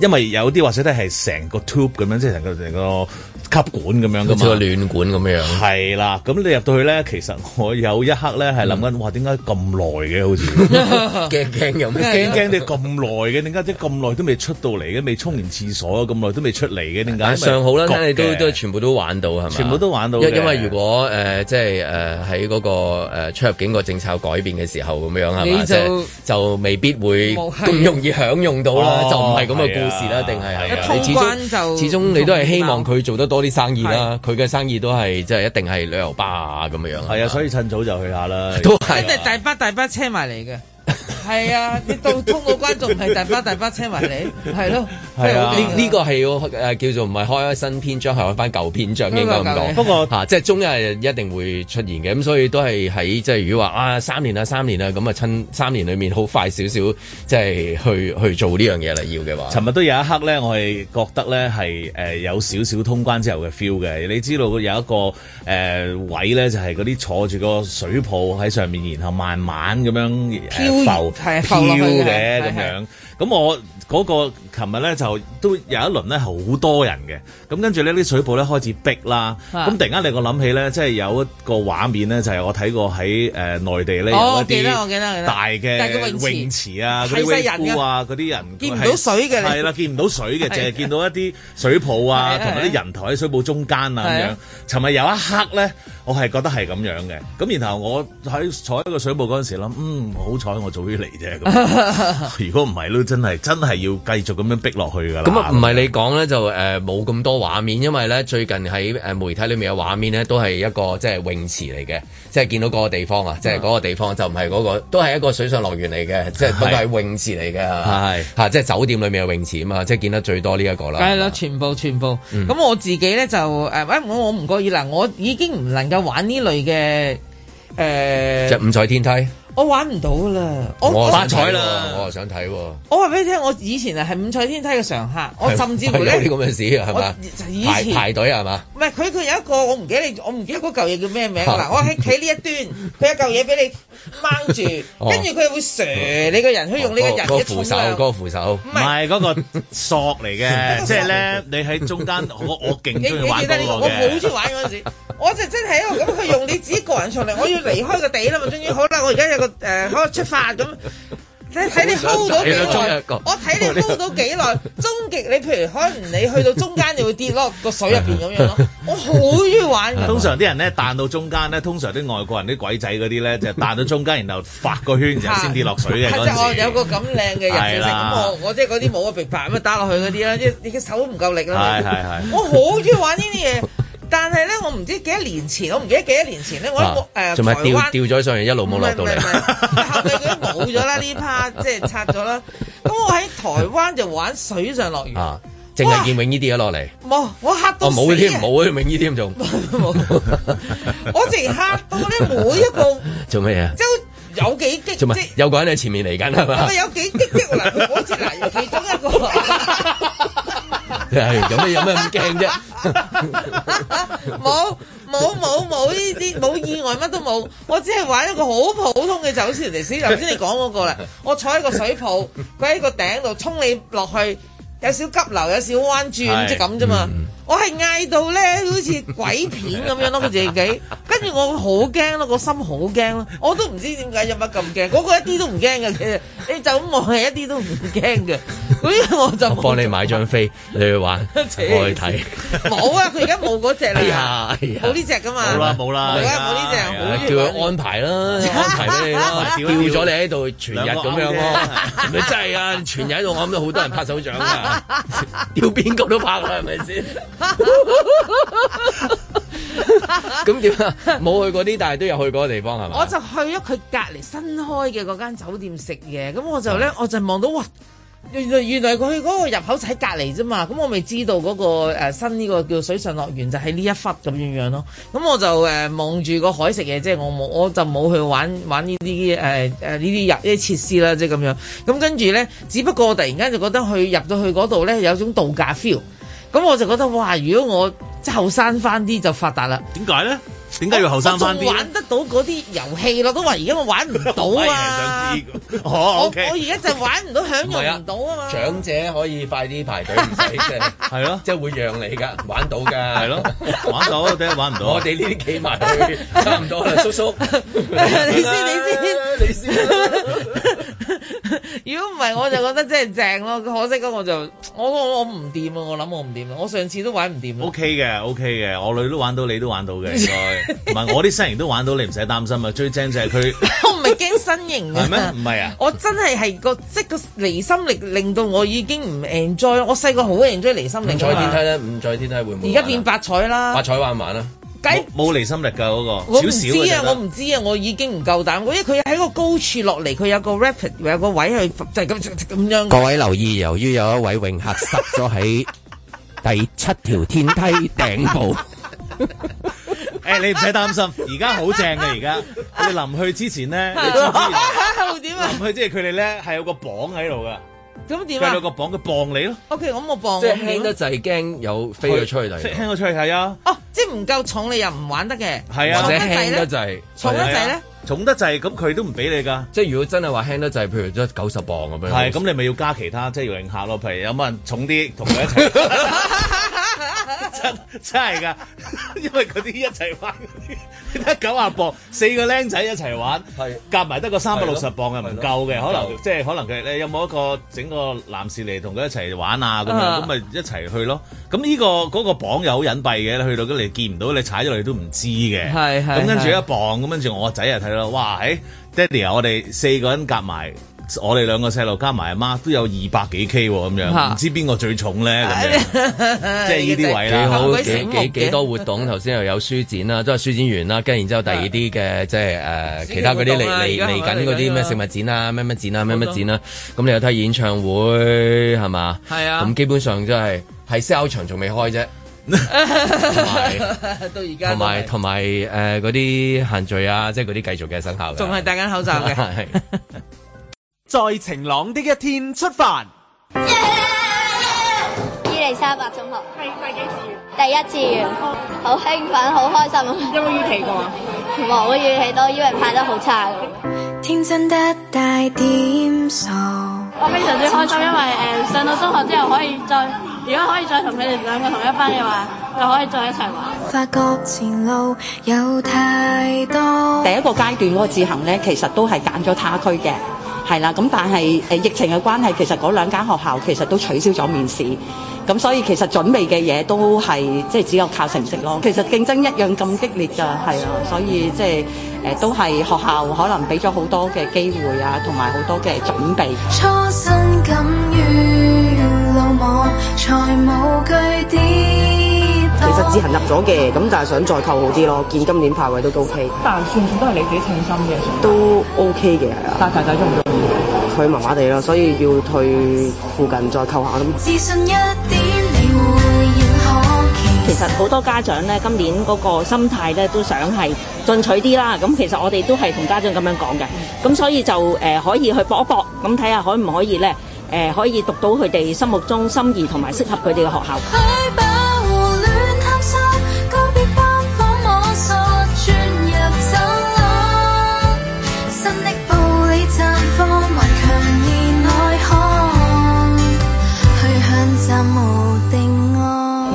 因為有啲或者咧係成個 tube，咁樣，即係成個成個吸管咁樣噶嘛，好似個暖管咁樣。係啦，咁你入到去咧，其實我有一刻咧係諗緊，哇點解咁耐嘅好似？驚驚又驚驚啲咁耐嘅，點解即咁耐都未出到嚟嘅，未沖完廁所咁耐都未出嚟嘅？點解？上好啦，都都全部都玩到係咪？全部都玩到。因因為如果誒即係誒喺嗰個誒出入境個政策改變嘅時候咁樣係嘛？即就未必會咁容易享用到啦，就唔係咁嘅故事啦，定係係啊，你始終始終你都係希望佢做得多啲生意啦。佢嘅生意都係即係一定係旅遊巴咁樣樣。係啊，所以趁早就去一下啦。都係，一定大巴大巴車埋嚟嘅。係 啊，你到通過關仲唔係大巴大巴車埋嚟，係咯。係啊，呢呢、這個係要誒叫做唔係開一新篇章，係開翻舊篇章應該咁講。不過吓，即係終日一定會出現嘅，咁所以都係喺即係如果話啊三年啊三年啊咁啊，趁三年裏面好快少少即係去去做呢樣嘢嚟要嘅話。尋日都有一刻咧，我係覺得咧係誒有少少通關之後嘅 feel 嘅。你知道有一個誒、呃、位咧，就係嗰啲坐住個水泡喺上面，然後慢慢咁樣。浮飄嘅咁樣。咁我嗰、那個琴日咧就都有一輪咧好多人嘅。咁跟住呢啲水泡咧開始逼啦。咁突然間令我諗起咧，即、就、係、是、有一個畫面咧，就係、是、我睇過喺誒、呃、內地咧、哦、有一啲大嘅泳，泳池啊，嗰啲泳褲啊，嗰啲人，人見唔到水嘅，係啦，見唔到水嘅，淨 係見到一啲水泡啊，同埋啲人頭喺水泡中間啊咁樣。琴日有一刻咧。我係覺得係咁樣嘅，咁然後我喺坐喺個水泡嗰陣時諗，嗯，好彩我早啲嚟啫。 如果唔係都真係真係要繼續咁樣逼落去㗎啦。咁啊，唔係你講咧就誒冇咁多畫面，因為咧最近喺媒體裏面嘅畫面咧都係一個即係、就是、泳池嚟嘅。即係見到嗰個地方啊，即係嗰個地方就唔係嗰個，都係一個水上樂園嚟嘅，即係嗰個係泳池嚟嘅。係嚇，即係酒店裏面嘅泳池啊嘛，即係見得最多呢一個啦。係啦，全部全部。咁、嗯、我自己咧就誒，喂我唔我唔過意喇，我已經唔能夠玩呢類嘅誒。即、呃、五彩天梯。我玩唔到啦！我發彩啦，我又想睇喎。我話俾你聽，我以前啊係五彩天梯嘅常客，我甚至乎呢是是事是我以前排排隊，係嘛？唔係，佢佢有一個，我唔記得你，我唔記得嗰嚿嘢叫咩名啦。我喺企呢一端，佢一嚿嘢俾你掹住，跟住佢會射你個人，佢、哦、用呢個人嘅、哦那個、扶手，嗰、那個、扶手，唔係嗰個索嚟嘅，即係咧你喺中間， 我我勁中意呢個、那個 這個、我好中意玩嗰陣時，我就真係一個咁，佢用你自己個人上嚟，我要離開地個地啦嘛，終於好啦，我而家有個誒、呃，出發咁，睇睇你 hold 到幾耐，我睇你 hold 到幾耐，終極你譬如可能你去到中間就會跌落個水入邊咁樣咯，我好中意玩。通常啲人咧彈到中間咧，通常啲外國人啲鬼仔嗰啲咧就彈、是、到中間，然後發個圈 就先跌落水嘅。係就是、我有個咁靚嘅人咁我我即係嗰啲冇個辦法咁打落去嗰啲啦，即你嘅手都唔夠力啦。 是的笑我好中意玩呢啲嘢。但係咧，我唔知幾多年前，我唔記得幾多年前咧，我誒台灣掉咗上去，一路冇落到嚟。後尾佢冇咗啦，呢 part 即係拆咗啦。咁我喺台灣就玩水上樂園，啊，淨係見泳衣跌咗落嚟。冇，我嚇到死啊！冇啲冇啲泳衣添仲，我直嚇到咧每一個做咩嘢？即係有幾激，有個人喺前面嚟緊係咪？是是有幾激激嗱，我嚟係其中一個。 有咩有咩唔驚啫？冇冇冇冇呢啲冇意外，乜都冇。我只係玩一個好普通嘅，就好似條迪頭先你講嗰個啦。我坐喺個水泡，佢喺個頂度沖你落去。有少急流，有少彎轉，即咁啫嘛。我係嗌到咧，好似鬼片咁樣咯，佢自己。跟住我好驚咯，個心好驚咯。我都唔知點解有乜咁驚。嗰個一啲都唔驚嘅，其實你就咁望係一啲都唔驚嘅。我就幫你買張飛，你去玩，我去睇。冇啊，佢而家冇嗰隻啦，冇呢隻噶嘛。冇啦，冇啦，冇呢隻。叫佢安排啦， 安排你咯，叫 咗你喺度 全日咁樣咯。 唔係真係啊， 全日喺度，我諗到好多人拍手掌 要邊個都拍啦，係咪先？咁點啊？冇去過啲，但係都有去過地方係咪？我就去咗佢隔籬新開嘅嗰間酒店食嘢，咁我就咧，我就望到 哇！原來原來佢嗰個入口就喺隔離啫嘛，咁我未知道嗰、那個新呢個叫水上樂園就喺呢一忽咁樣樣咯，咁我就誒望住個海食嘢，即、就、係、是、我冇我就冇去玩玩呢啲誒呢啲入呢啲設施啦，即係咁樣。咁跟住咧，只不過我突然間就覺得去入到去嗰度咧有種度假 feel，咁我就覺得哇，如果我之後後生翻啲就發達啦，點解咧？點解要後生翻啲？我玩得到嗰啲遊戲咯，都話而家我玩唔到啊！ 想指這個 oh, okay, okay. 我我而家就玩唔到，okay. 享用唔到啊嘛、啊！長者可以快啲排隊，唔使即係係咯，即 係會讓你噶， 玩到噶，係咯，玩到，頂係玩唔到。我哋呢啲企埋去，差唔多啦，叔叔。 你先，你先， 你先、啊。如果唔係，我就覺得真係正咯。可惜咁，我就我我我唔掂啊！我諗我唔掂、啊、我上次都玩唔掂、啊、OK 嘅，OK 嘅，我女都玩到，你都玩到嘅應該。 唔 係我啲身形都玩到你，你唔使擔心啊！最正就係佢，我唔係驚身形啊，係咩？唔係啊！我真係係個即、就係、個離心力令到我已經唔 enjoy。我細個好 enjoy 離心力。五彩天梯咧，五彩天梯會唔而家變八彩啦？八彩玩唔玩啊？冇離心力噶嗰、嗰個，我少、啊。小小我唔知啊，我唔知啊，我已經唔夠膽。因為佢喺個高處落嚟，佢有個 rapid 有個位去就係咁咁樣。各位留意，由於有一位泳客濕咗喺第七條天梯頂部。 誒、欸，你唔使擔心，而家好正嘅而家。你臨去之前咧，會 點啊？臨去即係佢哋咧係有個磅喺度噶。咁點啊？有個磅佢磅你咯。O K，咁我有磅。即係輕得滯，驚有飛咗出去第。輕咗出去係啊。哦，即係唔夠重你又唔玩得嘅。係啊。或者輕得滯、啊，重得滯咧、啊？重得滯咁佢都唔俾你噶。即係如果真係話輕得滯，譬如九十磅咁樣。係，咁你咪要加其他，即係要人下囉，譬如有冇人重啲同佢一齊？ 真真係噶，因為嗰啲一齊玩得九啊磅，四個僆仔一齊玩，係夾埋得個三百六十磅啊，唔夠嘅，可能即係、就是、可能佢你有冇一個整個男士嚟同佢一齊玩啊咁樣，咁咪一齊去咯。咁呢、這個嗰、那個磅又好隱蔽嘅，去到嗰度見唔到你踩咗落去都唔知嘅。係係，咁跟住一磅，咁跟住我仔啊睇到，哇，誒、欸，爹哋啊，我哋四個人夾埋。我哋兩個細路加埋阿媽都有二百幾 K 咁樣，唔知邊個最重咧咁樣， 即係呢啲位幾好幾幾幾多活動？頭 先又有書展啦，都係書展完啦，跟 住然之後第二啲嘅即係誒其他嗰啲嚟嚟嚟緊嗰啲咩食物展啊咩咩展啊咩咩展啦。咁 麼展 你有睇演唱會係嘛？係啊。咁 基本上即係喺 sell 場仲未開啫。同埋同埋誒嗰啲限聚啊，即係嗰啲繼續嘅生效仲係戴緊口罩嘅。 在晴朗的一天出發。Yeah, yeah, yeah. 伊利沙伯中學係第幾次？第一次完。好興奮，好開心啊！有冇預期過？冇預期多，因為拍得好差。天真得帶點傻。我非常之開心，因為誒、呃、上到中學之後可以再，如果可以再同佢哋兩個同一班嘅話，就可以再一齊玩。發覺前路有太多。第一個階段嗰個自行咧，其實都係揀咗他區嘅。係啦，咁但係誒疫情嘅關係，其實嗰兩間學校其實都取消咗面試，咁所以其實準備嘅嘢都係即係只有靠成績咯。其實競爭一樣咁激烈㗎，係啊，所以即係誒都係學校可能俾咗好多嘅機會啊，同埋好多嘅準備。其實自行入咗嘅，咁但係想再扣好啲咯，見今年派位都 O K。但算算都係你自己稱心嘅。都 O K 嘅。但係大家中唔中？佢麻麻地咯，所以要退附近再扣一下咁。其實好多家長咧，今年嗰個心態咧，都想係進取啲啦。咁其實我哋都係同家長咁樣講嘅。咁所以就誒、呃、可以去搏一搏，咁睇下可唔可以咧、呃、可以讀到佢哋心目中心儀同埋適合佢哋嘅學校。無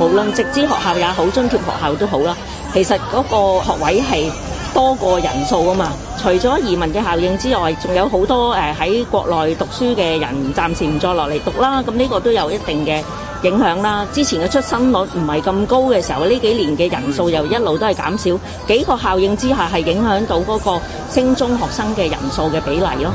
論直資學校也好，津貼學校都好啦。其實嗰個學位係多過人數啊嘛。除咗移民嘅效應之外，仲有好多誒喺國內讀書嘅人暫時唔再落嚟讀啦。咁呢個都有一定嘅影響啦。之前嘅出生率唔係咁高嘅時候，呢幾年嘅人數又一路都係減少。幾個效應之下，係影響到嗰個升中學生嘅人數嘅比例咯。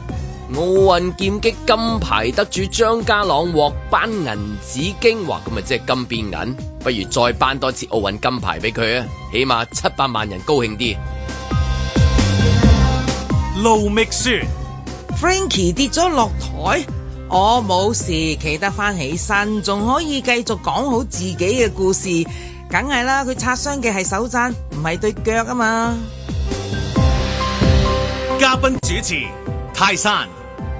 奧運劍擊金牌得主張家朗獲頒銀紫荊，話咁咪即係金變銀，不如再頒多次奧運金牌俾佢啊！起碼七百萬人高興啲。盧覓雪，Frankie 跌咗落台，我冇事，企得翻起身，仲可以繼續講好自己嘅故事，梗係啦！佢擦傷嘅係手踭，唔係對腳啊嘛。嘉賓主持泰山。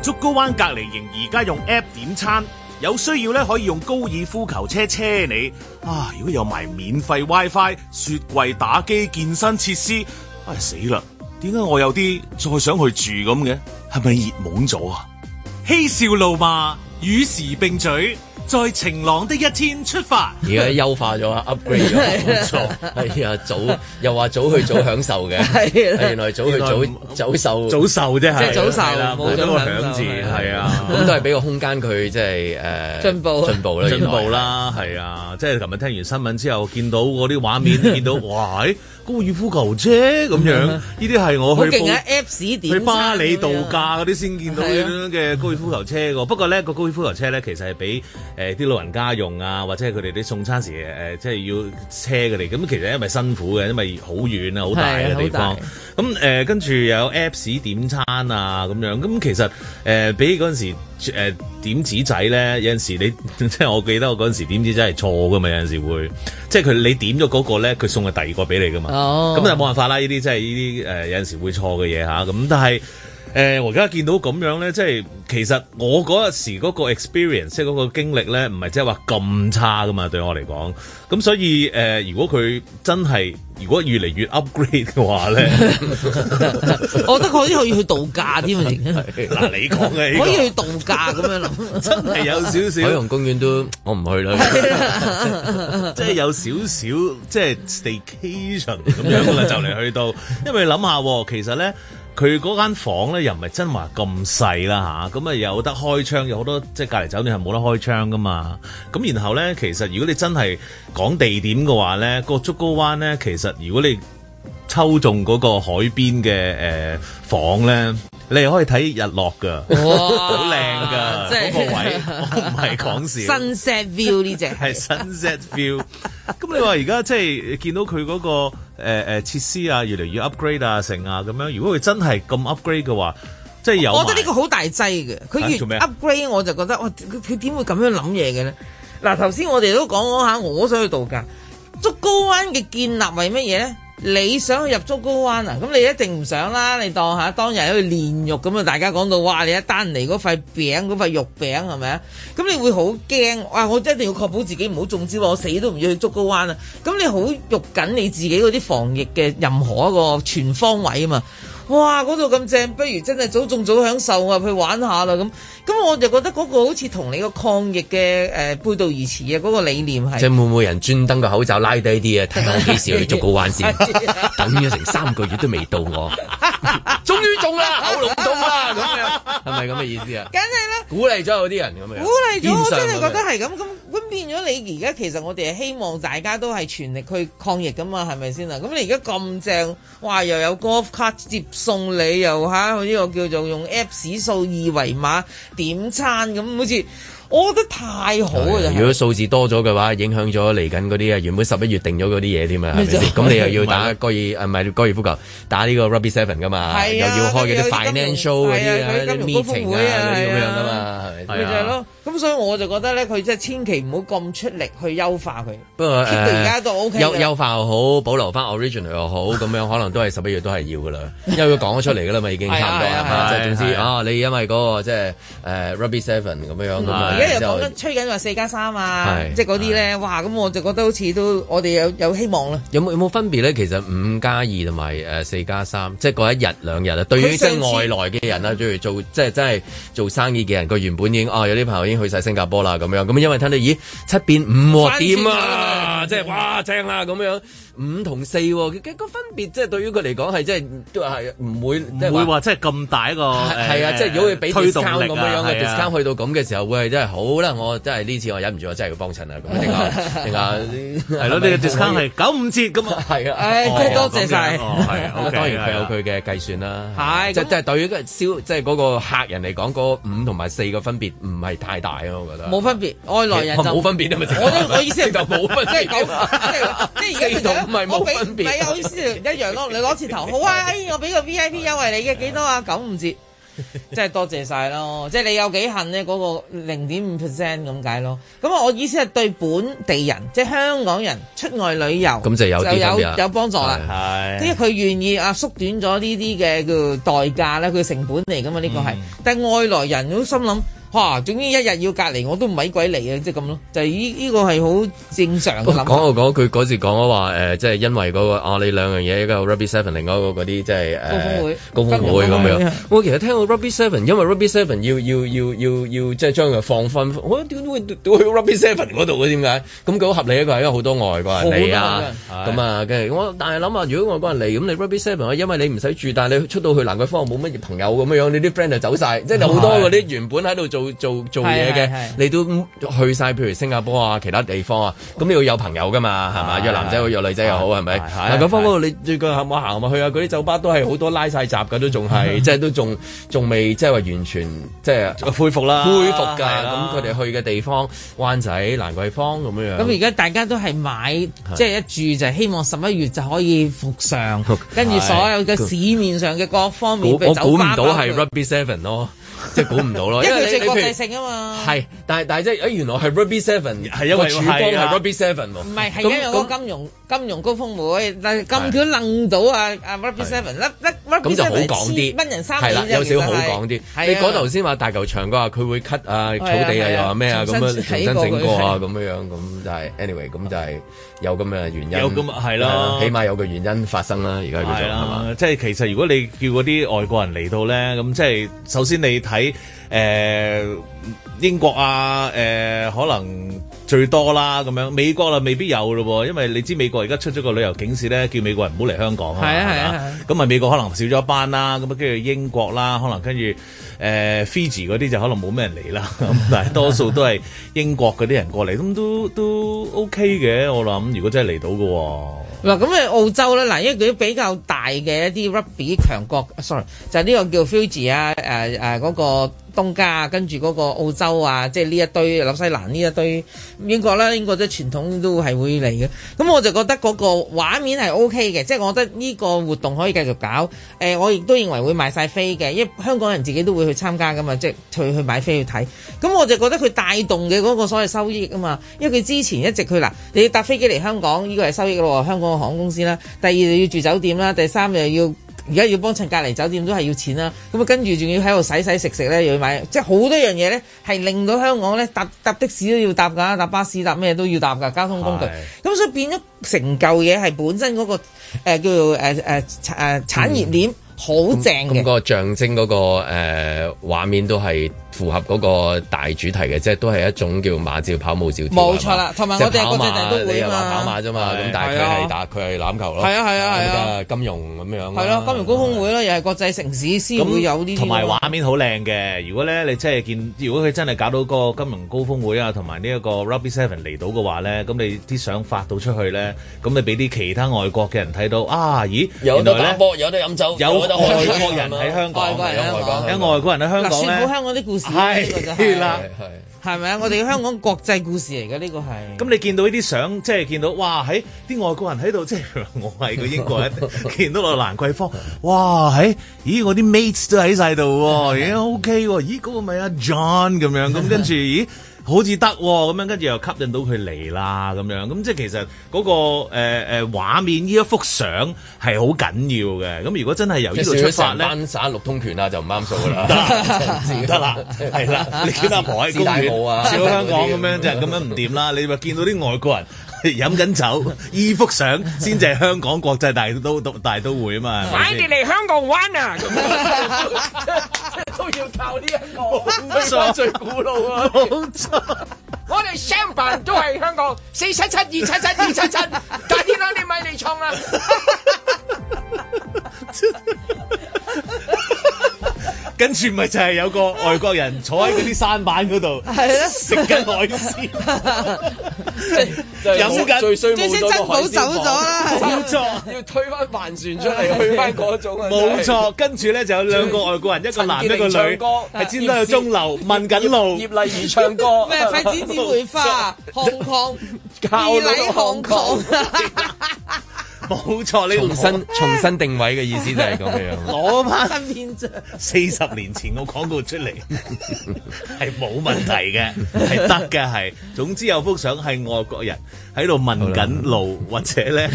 竹篙灣隔離營而家用 app 點餐，有需要咧可以用高爾夫球車車你啊！如果有埋免費 WiFi、雪櫃、打機、健身設施，唉、哎、死啦！點解我有啲再想去住咁嘅？係咪熱懵咗啊？嬉笑怒罵與時並舉。在晴朗的一天出發，而家優化咗啊 ，upgrade 咗了，冇 沒錯。哎 呀，早又話早去早享受嘅， 原來早去早早，早，早受早受啫，即、就、係、是、早受，冇咗個享字，係啊，咁 都係俾個空間佢，即係誒進步進步啦，進步啦，係啊，即係琴日聽完新聞之後，見到嗰啲畫面， 見到喂。高爾夫球車咁樣，呢啲係我去報、啊、Apps 點餐去巴厘度假嗰啲先見到咁樣嘅高爾夫球車喎。Mm -hmm. 不過呢、呢個高爾夫球車呢，其實係俾誒啲老人家用啊，或者係佢哋啲送餐時誒、呃、即係要車佢哋。咁、嗯、其實因為辛苦嘅，因為好遠啊，好大嘅地方。咁誒跟住又有 Apps 點餐啊咁樣。咁、嗯、其實誒、呃、比嗰陣時誒、呃、點紙仔呢？有陣時你即係 我記得我嗰陣時點紙仔係錯嘅嘛，有陣時會即係佢你點咗嗰、嗰個咧，佢送咗第二個俾你嘅嘛。哦，咁就冇辦法啦！呢啲真係呢啲誒，有陣時會錯嘅嘢吓。咁但係。誒、呃，我而家見到咁樣咧，即係其實我嗰陣時嗰個 experience，即係嗰個經歷咧，唔係即係話咁差噶嘛，對我嚟講。咁所以誒、呃，如果佢真係如果越嚟越 upgrade 嘅話咧， 我覺得我都可以去度假添嗱，你講嘅、這個、可以去度假咁樣諗，真係有少少 海洋公園都我唔去啦，即 係 有少少即係 staycation 咁樣啦，就嚟、是、去到，因為諗下其實咧。佢嗰間房咧又唔係真話咁細啦嚇，咁啊有得開窗，有好多即係隔離酒店係冇得開窗噶嘛。咁然後咧，其實如果你真係講地點嘅話咧，個竹篙灣咧，其實如果你抽中嗰個海邊嘅誒、呃、房咧，你係可以睇日落噶，好靚噶嗰個位，唔係講笑。 sunset view 呢只係 Sunset view，feel .咁 你話而家即係見到佢嗰、嗰個。誒、呃、誒、呃、設施啊，越嚟越 upgrade 啊，成啊咁樣。如果佢真係咁 upgrade 嘅話，即係有。我覺得呢個好大劑嘅，佢越 upgrade 我就覺得，哇！佢點會咁樣諗嘢嘅咧？嗱、啊，頭先我哋都講咗下，我想去度假，竹篙灣嘅建立為乜嘢咧？你想去入竹篙灣啊？咁你一定唔想啦！你當下當日喺度煉獄咁啊！大家講到哇，你一單嚟嗰塊餅嗰塊肉餅係咪啊？咁你會好驚哇！我一定要確保自己唔好中招，我死都唔要去竹篙灣啊！咁你好肉緊你自己嗰啲防疫嘅任何一個全方位啊嘛～哇！嗰度咁正，不如真係早中早享受，啊，去玩下啦咁。咁我就覺得嗰個好似同你個抗疫嘅誒背道而馳啊！嗰、嗰個理念係，即係會唔會人專登個口罩拉低啲啊，睇下我幾時去 做個好玩先。 等咗成三個月都未到我，終 於中啦，喉嚨痛啦，咁樣，係咪咁嘅意思啊？梗係啦，鼓勵咗有啲人咁樣，鼓勵咗，我真係覺得係咁咁。 變咗你而家其實我哋係希望大家都係全力去抗疫噶嘛，係咪先啊？咁你而家咁正，哇又有 golf cart 接送你又嚇，呢、啊這個叫做用 Apps 掃二維碼點餐咁，好似我覺得太好啊！如果數字多咗嘅話，影響咗嚟緊嗰啲啊原本十一月定咗嗰啲嘢添啊，係咪先？咁你又要打高爾唔係高爾夫球，打呢個 rugby seven 噶嘛，又要開嗰啲 financial 嗰啲啊，啲 meeting 啊啲咁樣噶嘛，係咪？咪就係咯。咁所以我就覺得咧，佢即係千祈唔好咁出力去優化佢。不過而家、呃、都 O K，優優化又好，保留翻 original 又好，咁 樣可能都係十一月都係要噶啦， 因為佢講咗出嚟噶啦嘛， 已經差唔多。係啊係、啊就是啊，總之啊，啊，你因為嗰、那個即係、啊、Ruby Seven 咁樣咁而家又講緊、啊、吹緊話四加三啊，即係嗰啲咧，哇！咁我就覺得好似都我哋有有希望啦。有冇有冇分別咧？其實五加二同埋誒四加三，即係嗰一日兩日啊。對於即係、就是、外來嘅人啦，即、就是、做即係真係做生意嘅人，個、嗯、原本已經哦，有啲朋友已經。去晒新加坡啦，咁樣咁，因為聽到咦七變五喎，點啊？即係哇，正啦，咁樣。五同四、哦，喎，佢個分別即係對於佢嚟講係、真係、即係都係唔會會會話即係咁大一個係啊！即係如果佢俾 discount 咁樣嘅 discount 去到咁嘅時候，會係真係好啦！我真係呢次我忍唔住，我真係要幫襯啦！點解點解？係咯、 嗯嗯，你嘅 discount 係九五折咁啊？係啊！多謝晒！係，當然佢有佢嘅計算啦。係，即係對於即係嗰個客人嚟講，嗰五同埋四個分別唔係太大咯，我覺得。冇分別，外來人冇分別，我我意思就冇分別，即係即係而家唔係冇分別，唔係我意思唔一樣咯。你攞前頭好啊，我俾個 VIP 優惠你嘅，幾多啊？九五折，即係多謝晒咯。即係你有幾恨咧？嗰個零點五 percent 咁解咯。咁啊，我意思係對本地人，即係香港人出外旅遊，咁就有啲啦，有幫助啦。係，即係佢願意啊，縮短咗呢啲嘅個代價咧，佢成本嚟噶嘛呢個係。但係外來人都心諗。哇！總之一日要隔離，我都唔係鬼嚟嘅，即係咁咯。就係依依個係好正常嘅諗法。講我講佢嗰時講啊話誒，即係因為嗰個啊，你兩樣嘢一個 Rugby Seven，另外一個嗰啲即係誒高峯會高峯會咁樣。我其實聽過 Rugby Seven，因為 Rugby Seven 要要要要要即係將佢放寬，我點都會倒去 Rugby Seven 嗰度嘅點解？咁咁合理咧？佢因為好多外國人嚟啊，咁啊，跟住我但係諗啊，如果外國人嚟咁，你 Rugby Seven，因為你唔使住，但係你出到去蘭桂坊冇乜嘢朋友咁樣樣，你啲 friend 就走曬，即係好多嗰啲原本喺度做。做做做嘢嘅，你都去晒，譬如新加坡啊，其他地方啊，咁你要有朋友噶嘛，係、嗯、嘛？約男仔又好，約女仔又好，係咪？嗱，蘭桂坊嗰度，你最近有冇行去啊？嗰啲酒吧都係好多拉晒閘噶，都仲係、嗯，即係都仲仲未，即係話完全，即係恢復啦。恢復噶，咁佢哋去嘅地方，灣仔、蘭桂坊咁樣樣。咁而家大家都係買，即係、就是、一住就希望十一月就可以復上。跟住所有嘅市面上嘅各方面，我估唔到係 Ruby Seven 咯。 即係估唔到咯， 因為佢係國際性啊嘛。係但係但係即係誒，原來係 Ruby Seven，係因為處方係 Ruby Seven 喎，唔係係因為個金融。金融高峰會，但係咁佢掕到啊啊，Rap Seven、啊啊啊啊、一一 r 蚊人三千，係啦，有少少好講啲。你嗰頭先話大球場嘅話，佢會 cut 啊草地啊，又話咩啊咁樣重新整過啊咁樣樣，咁、anyway, 就係 anyway，咁就係有咁嘅原因。有咁啊，係啦，起碼有個原因發生啦。而家叫做係啦，即係其實如果你叫嗰啲外國人嚟到咧，咁即係首先你睇。誒、呃、英國啊，誒、呃、可能最多啦咁樣，美國啦未必有咯，因為你知美國而家出咗個旅遊警示咧，叫美國人唔好嚟香港啊嘛，咁咪、啊啊、美國可能少咗班啦，咁跟住英國啦，可能跟住誒 Fiji 嗰啲就可能冇咩人嚟啦，咁 但係多數都係英國嗰啲人過嚟，咁都都 OK 嘅，我諗如果真係嚟到㗎嗱，咁誒澳洲啦，嗱，因為佢比較大嘅一啲 rugby 強國，sorry，就呢個叫 Fiji 啊，嗰、呃呃嗰個。東加啊，跟住嗰個澳洲啊，即係呢一堆紐西蘭，呢一堆英國啦，英國即係傳統都係會嚟嘅。咁我就覺得嗰個畫面係 OK 嘅，即係我覺得呢個活動可以繼續搞。呃，我亦都認為會賣晒飛嘅，因為香港人自己都會去參加噶嘛，即係去，去買飛去睇。咁我就覺得佢帶動嘅嗰個所謂收益啊嘛，因為佢之前一直去。嗱，你要搭飛機嚟香港，呢個係收益咯，香港嘅航空公司啦。第二你要住酒店啦，第三又要。而家要幫襯隔離酒店都係要錢啦，咁啊跟住仲要喺度洗洗食食咧，又要買，即係好多樣嘢咧，係令到香港咧搭搭的士都要搭噶，搭巴士搭咩都要搭噶交通工具，咁所以變咗成嚿嘢係本身嗰個、呃、叫做誒誒誒產業鏈。嗯好正嘅，咁、那個象徵嗰、那個誒、呃、畫面都係符合嗰個大主題嘅，即係都係一種叫馬照跑，舞照跳，冇錯啦。同埋我哋國際大都會嘛、就是、馬你馬啊，跑馬啫嘛。咁，但係佢係打，佢係欖球咯。係啊，係啊，係啊，啊，啊，啊，啊。金融咁樣係咯、啊，金融高峰會啦、啊，又係國際城市先會有啲。同埋畫面好靚嘅。如果咧你真係見，如果佢真係搞到個金融高峰會啊，同埋呢一個 Rugby Seven 嚟到嘅話咧，咁你啲相發到出去咧，咁你俾啲其他外國嘅人睇到啊？咦，有得打波，有得飲酒，外國人喺香,香,香港，有外國人喺香港，冇外國人喺香港咧，算好香港啲故事，係啦，係咪啊？我哋香港國際故事嚟嘅呢個係。咁 你見到呢啲相，即、就、係、是、見到，哇！喺、哎、啲外國人喺度，即係我係個英國人，見到落 蘭桂坊，哇！喺、哎、咦，我啲 mates 都喺晒度喎，已經、 啊、OK 喎、那個，咦？嗰個咪阿 John 咁樣，咁跟住咦？好似得咁樣，跟住又吸引到佢嚟啦咁樣，咁即係其實嗰、嗰個誒畫、呃、畫面呢一幅相係好緊要嘅。咁如果真係由呢度出發咧，單省六通拳啊就唔啱數噶啦，得、嗯、啦，係啦 以了 以了， 你叫阿婆喺公園少、啊、香港咁樣就咁 樣唔掂啦。 你話見到啲外國人。飲緊酒，衣幅相先至係香港國際大都大都會啊嘛，快啲嚟香港玩啊！ 都，都要靠呢一個，香港最古老啊！我哋相反都係香港四七七二七七二七七，快啲啦，你咪嚟創啊！ 跟住咪就係有個外國人坐喺嗰啲山板嗰度，係食緊海鮮，海鮮、 即係，即係、飲緊。最衰冇走咗啦，冇錯， 要推翻帆船出嚟，去翻嗰種、啊。冇錯， 跟住咧就有兩個外國人，一個男一個女，葉麗儀唱歌，尖沙咀鐘樓問緊路，葉麗儀唱歌，咩 太子紫玫瑰，堂堂義禮堂堂。 冇錯你，重新重新定位嘅意思就係咁樣，攞翻啲四十年前嘅廣告出嚟係冇問題嘅，係得嘅，係總之有幅相係外國人喺度問緊路，或者呢，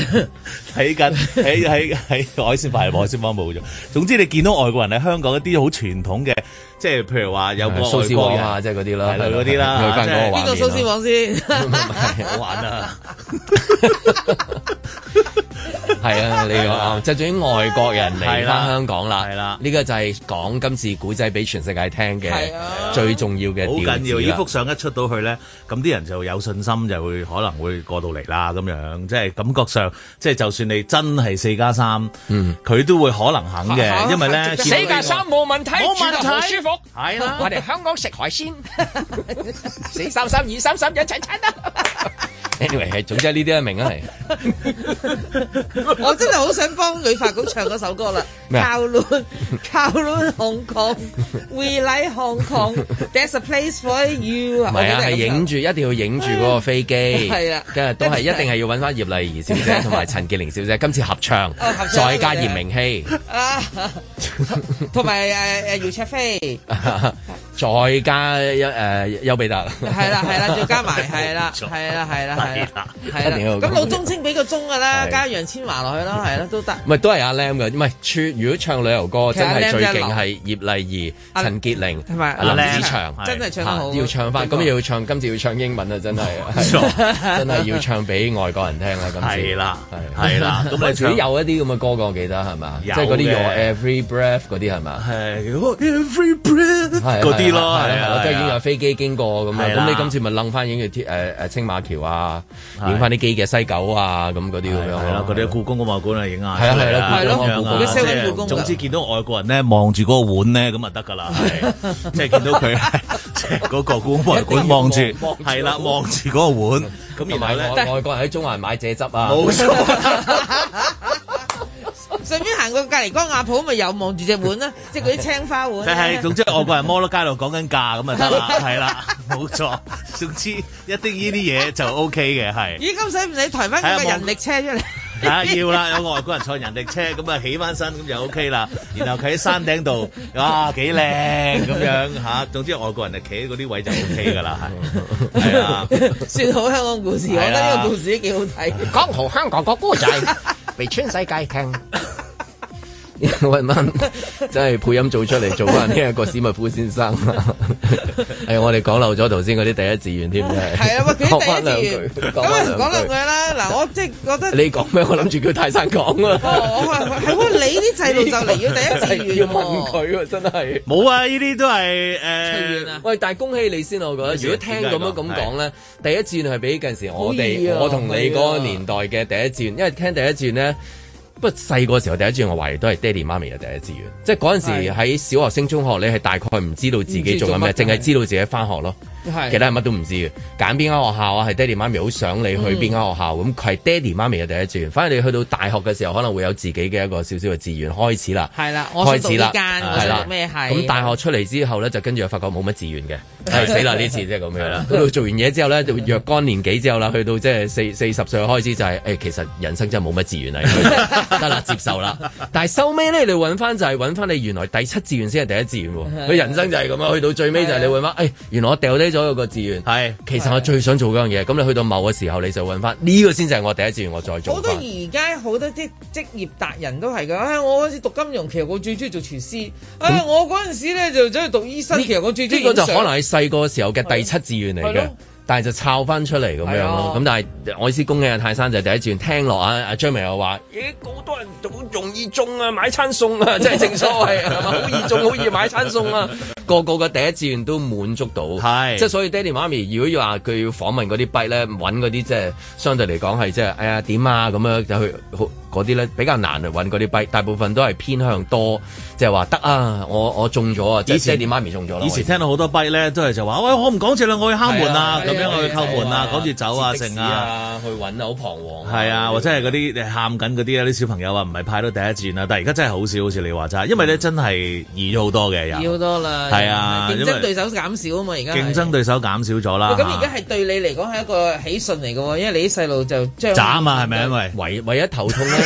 睇緊喺喺喺海鮮舫，海鮮舫冇咗。總之你見到外國人喺香港一啲好傳統嘅，即係譬如話有個蘇絲黃啊，就係、啊，即係嗰啲啦，係啦嗰啲啦，邊個蘇絲黃？唔好玩啊！係啊，呢個即係對於外國人嚟翻香港啦，呢個就係講今次古仔俾全世界聽嘅最重要嘅，好緊要。呢幅相一出到去咧，咁啲人就有信心，就會可能會過到嚟啦。咁樣即係感覺上，即係就算你真係四加三，嗯，佢都會可能肯嘅，因為咧四加三冇問題，冇問題，舒服係啦。我哋香港食海鮮，四三三二三三一齊餐啦。Anyway，係，總之呢啲都明啊，係。我真係好想幫旅發局唱嗰首歌啦。靠卵，靠卵，香港，We like Hong Kong，There's a place for you。唔係啊，係影住，一定要影住嗰個飛機。係啊，今日都係一定係要揾翻葉麗儀小姐同埋陳潔靈小姐今次合唱，再加葉明熙，啊，同埋誒誒姚卓菲，再加一誒邱比特。係啦係啦，再加埋係啦係啦係啦。係啦，係啦。咁老中青俾個鐘噶啦，加楊千嬅落去啦，係啦，都得。唔係都係阿 Lam 嘅，唔係。如果唱旅遊歌，真係最勁係葉麗儀、陳、啊、潔玲是是、林子祥，是是是是子祥是是真係唱得好要唱翻，咁又要唱今次要唱英文啊，真係。 真係要唱俾外國人聽啦。今次係啦，係啦。咁啊，仲有一啲咁嘅歌嘅，我記得係嘛，即係嗰啲《Your Every Breath》嗰啲係嘛，係《Every Breath》嗰啲咯，係即係已經有飛機經過咁啊，咁你今次咪掹翻影嘅誒誒青馬橋啊？影翻啲機嘅西九啊，咁嗰啲咁樣係啦，嗰啲故宮博物館啊影下，係啊係啦係咯，總之見到外國人咧望住嗰個碗咧咁就得噶啦，即係見到佢，嗰個故宮博物館望住係啦，望住嗰個碗，咁然後咧，外國人喺中環買蔗汁啊。冇錯。 順便行過隔離江阿婆咪又望住隻碗啦，即係嗰啲青花碗。係係，總之外國人摩羅街度講緊價咁啊得啦，係 啦，冇錯，總之一啲呢啲嘢就 OK 嘅係。咦，咁使唔使抬翻個人力車出嚟？啊，要啦， 有外國人坐人力車咁啊，起翻身咁就 OK 啦。然後佢喺山頂度，哇幾靚咁樣嚇。總之外國人啊，企喺嗰啲位就 OK 㗎啦，係係啊。講 好香港故事，我覺得呢個故事幾好睇。剛好香港個姑仔被全世界聽。喂，乜真係配音做出嚟做埋呢一個史密夫先生，係、 哎、我哋講漏咗頭先嗰啲第一志願添，係 係啊，屈啲第一志願，講翻兩句啦。嗱，我即係覺得你講咩，我諗住叫泰山講啊。哦，我話係，哇！你啲制度就嚟要第一志願，要問佢真係。冇啊，呢啲都係誒，喂！但係恭喜你先，我覺得，如果聽咁樣咁講咧，第一志願係比嗰時我哋、啊、我同你嗰個年代嘅第一志願、啊、因為聽第一志願咧。不過細個時候第一志願我懷疑都係爹哋媽咪嘅第一志願，即係嗰陣時喺小學升中學，你係大概唔知道自己做緊咩，淨係知，知道自己翻學咯。其他係乜都唔知嘅，揀邊間學校啊？係爹哋媽咪好想你去邊間學校，咁佢係爹哋媽咪嘅第一志願。反而你去到大學嘅時候，可能會有自己嘅一個小小嘅志願開始啦。係啦，開始啦，係啦咩係？咁大學出嚟之後咧，就跟住又發覺冇乜志願嘅，係死啦呢 次即係咁樣啦。去到做完嘢之後咧，就若干年紀之後啦，去到即係四四十歲開始就係、是，誒、哎、其實人生真係冇乜志願嚟，得 啦接受啦。但係收尾咧，你揾翻就係揾翻你原來第七志願先係第一志願，佢人生就係咁樣。去到最尾就係你揾翻，誒、哎、原來我掉低。所有個志願係，其實我最想做嗰樣嘢。咁你去到某個時候，你就揾翻呢個先至係我第一志願，我再做。好多而家好多啲職業達人都係噶。啊、哎，我嗰陣時讀金融，其實我最中意做廚師。啊、嗯哎，我嗰陣時咧就中意讀醫生，其實我最中意呢個就可能係細個時候嘅第七志願嚟嘅。但係就抄翻出嚟咁樣咯，咁、啊、但係我意思，恭喜啊泰山就係第一志願。聽落啊，阿張明又話：，咦、欸，好多人好容易中啊，買餐餸啊， 真係正所謂好易中，好易買餐餸啊， 個個嘅第一志願都滿足到，係，即、就、係、是、所以爹哋媽咪如果要話佢要訪問嗰啲壁咧，揾嗰啲即係相對嚟講係即係，哎呀點啊咁樣就去。嗰啲咧比較難去揾嗰啲跛，大部分都係偏向多，即係話得啊！我我中咗啊！即係爹地媽咪中咗啦！以前聽到好多跛咧，都係就話：喂，我唔講住啦，我去敲門啊，咁、啊、樣、啊、我去叩門啊，啊趕住走啊，剩啊，啊，去揾啊，好彷徨。係啊，或者係嗰啲喊緊嗰啲啊，啲小朋友啊，唔係派到第一戰啊，但係而家真係好少，好似你話齋，因為咧真係易咗好多嘅，易好多啦。係啊，競、啊、爭對手減少啊嘛，而家競爭對手減少咗啦、啊。咁而家係對你嚟講係一個喜訊嚟嘅喎，因為你啲細路就渣啊嘛，係咪因為唯唯一頭痛咧？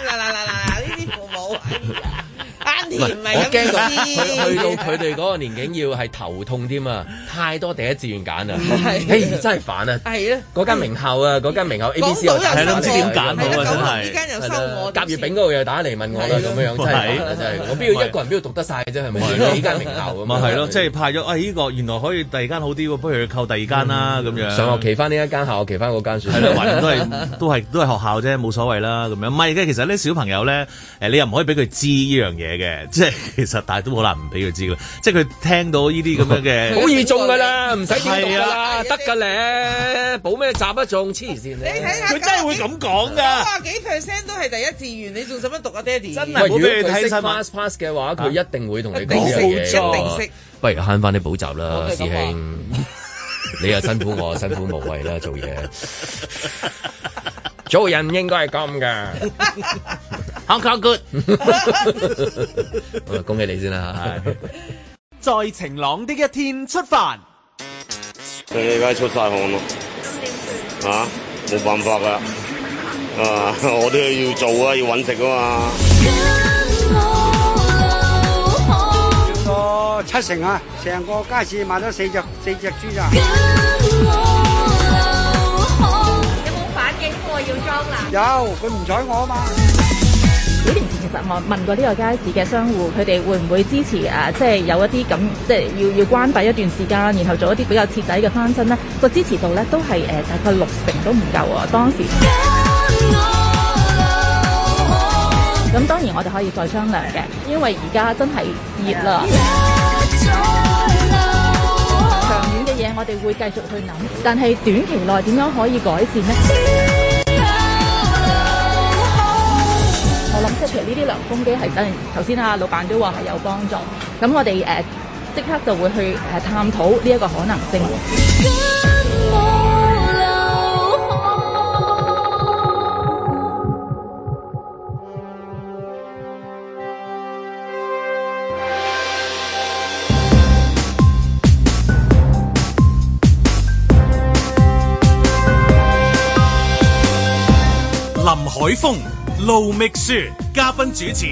唔係，我驚咁 去，去到佢哋嗰個年紀要係頭痛添啊！太多第一志願揀啦，哎、欸、真係煩啊！係啊，嗰間名校啊，嗰、嗯、間名校 A B C，係咯，唔知點揀好啊！是的真係、啊，依間又收我，甲乙丙嗰度又打嚟問我啦，咁樣真係真係，我邊個一個人邊個讀得晒啫？係咪幾間名校咁啊？係咯，即係派咗啊！依個原來可以第二間好啲喎，不如去扣第二間啦，咁樣。上學期翻呢一間，下學期翻嗰間算。係啦，雲都係都係都係學校啫，冇所謂啦，咁樣。唔係嘅，其實啲小朋友咧，誒你又唔可以俾佢知依樣嘢嘅。即係其實，但係都好難唔俾佢知噶。即係佢聽到呢啲咁樣嘅，好 易中噶啦，唔使點讀噶啦，得噶咧。補咩習不中，黐線，你睇下！佢真係會咁講噶。九十幾 percent 都係第一志願，你仲使乜讀啊爹哋？真係。如果你睇晒 must pass 嘅話，佢一定會同你講嘢。不如慳翻啲補習啦，師兄。 你又辛苦我，辛苦無謂啦，做嘢。 做人應該係咁噶。 好，Hong Kong good 我恭喜你先啦！喺 在晴朗的一天出發，你而家出晒汗咯，啊，冇辦法噶，啊，我都要做啊，要揾食啊嘛。叫七成啊，成個街市買咗四隻四隻豬咋。有冇反應我要裝啦？有，佢唔睬我啊嘛。我問過呢個街市嘅商戶，佢哋會唔會支持啊？即係有一啲咁，即係要要關閉一段時間，然後做一啲比較徹底嘅翻新咧？個支持度咧都係誒、呃、大概六成都唔夠啊。當時咁、yeah, no、當然我哋可以再商量嘅，因為而家真係熱啦。Yeah. Yeah, no、長遠嘅嘢我哋會繼續去諗，但係短期內點樣可以改善呢？即係，除咗呢啲涼風機係當然，頭先啊老闆都話係有幫助，咁我哋誒即刻就會去誒探討呢一個可能性。林海峰。路覓說，嘉賓主持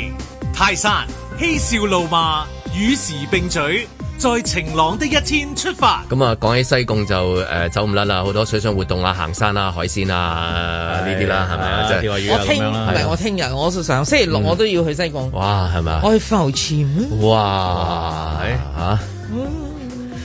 泰山嬉笑怒罵，與時並舉，在晴朗的一天出發。咁、嗯、啊，講起西貢就誒、呃，走唔甩啦，好多水上活動啊，行山啊、海鮮啊呢啲啦，係咪啊？即係我聽唔係，我聽日我上星期六我都要去西貢、嗯。哇，係咪啊？我去浮潛。哇！吓、啊。啊啊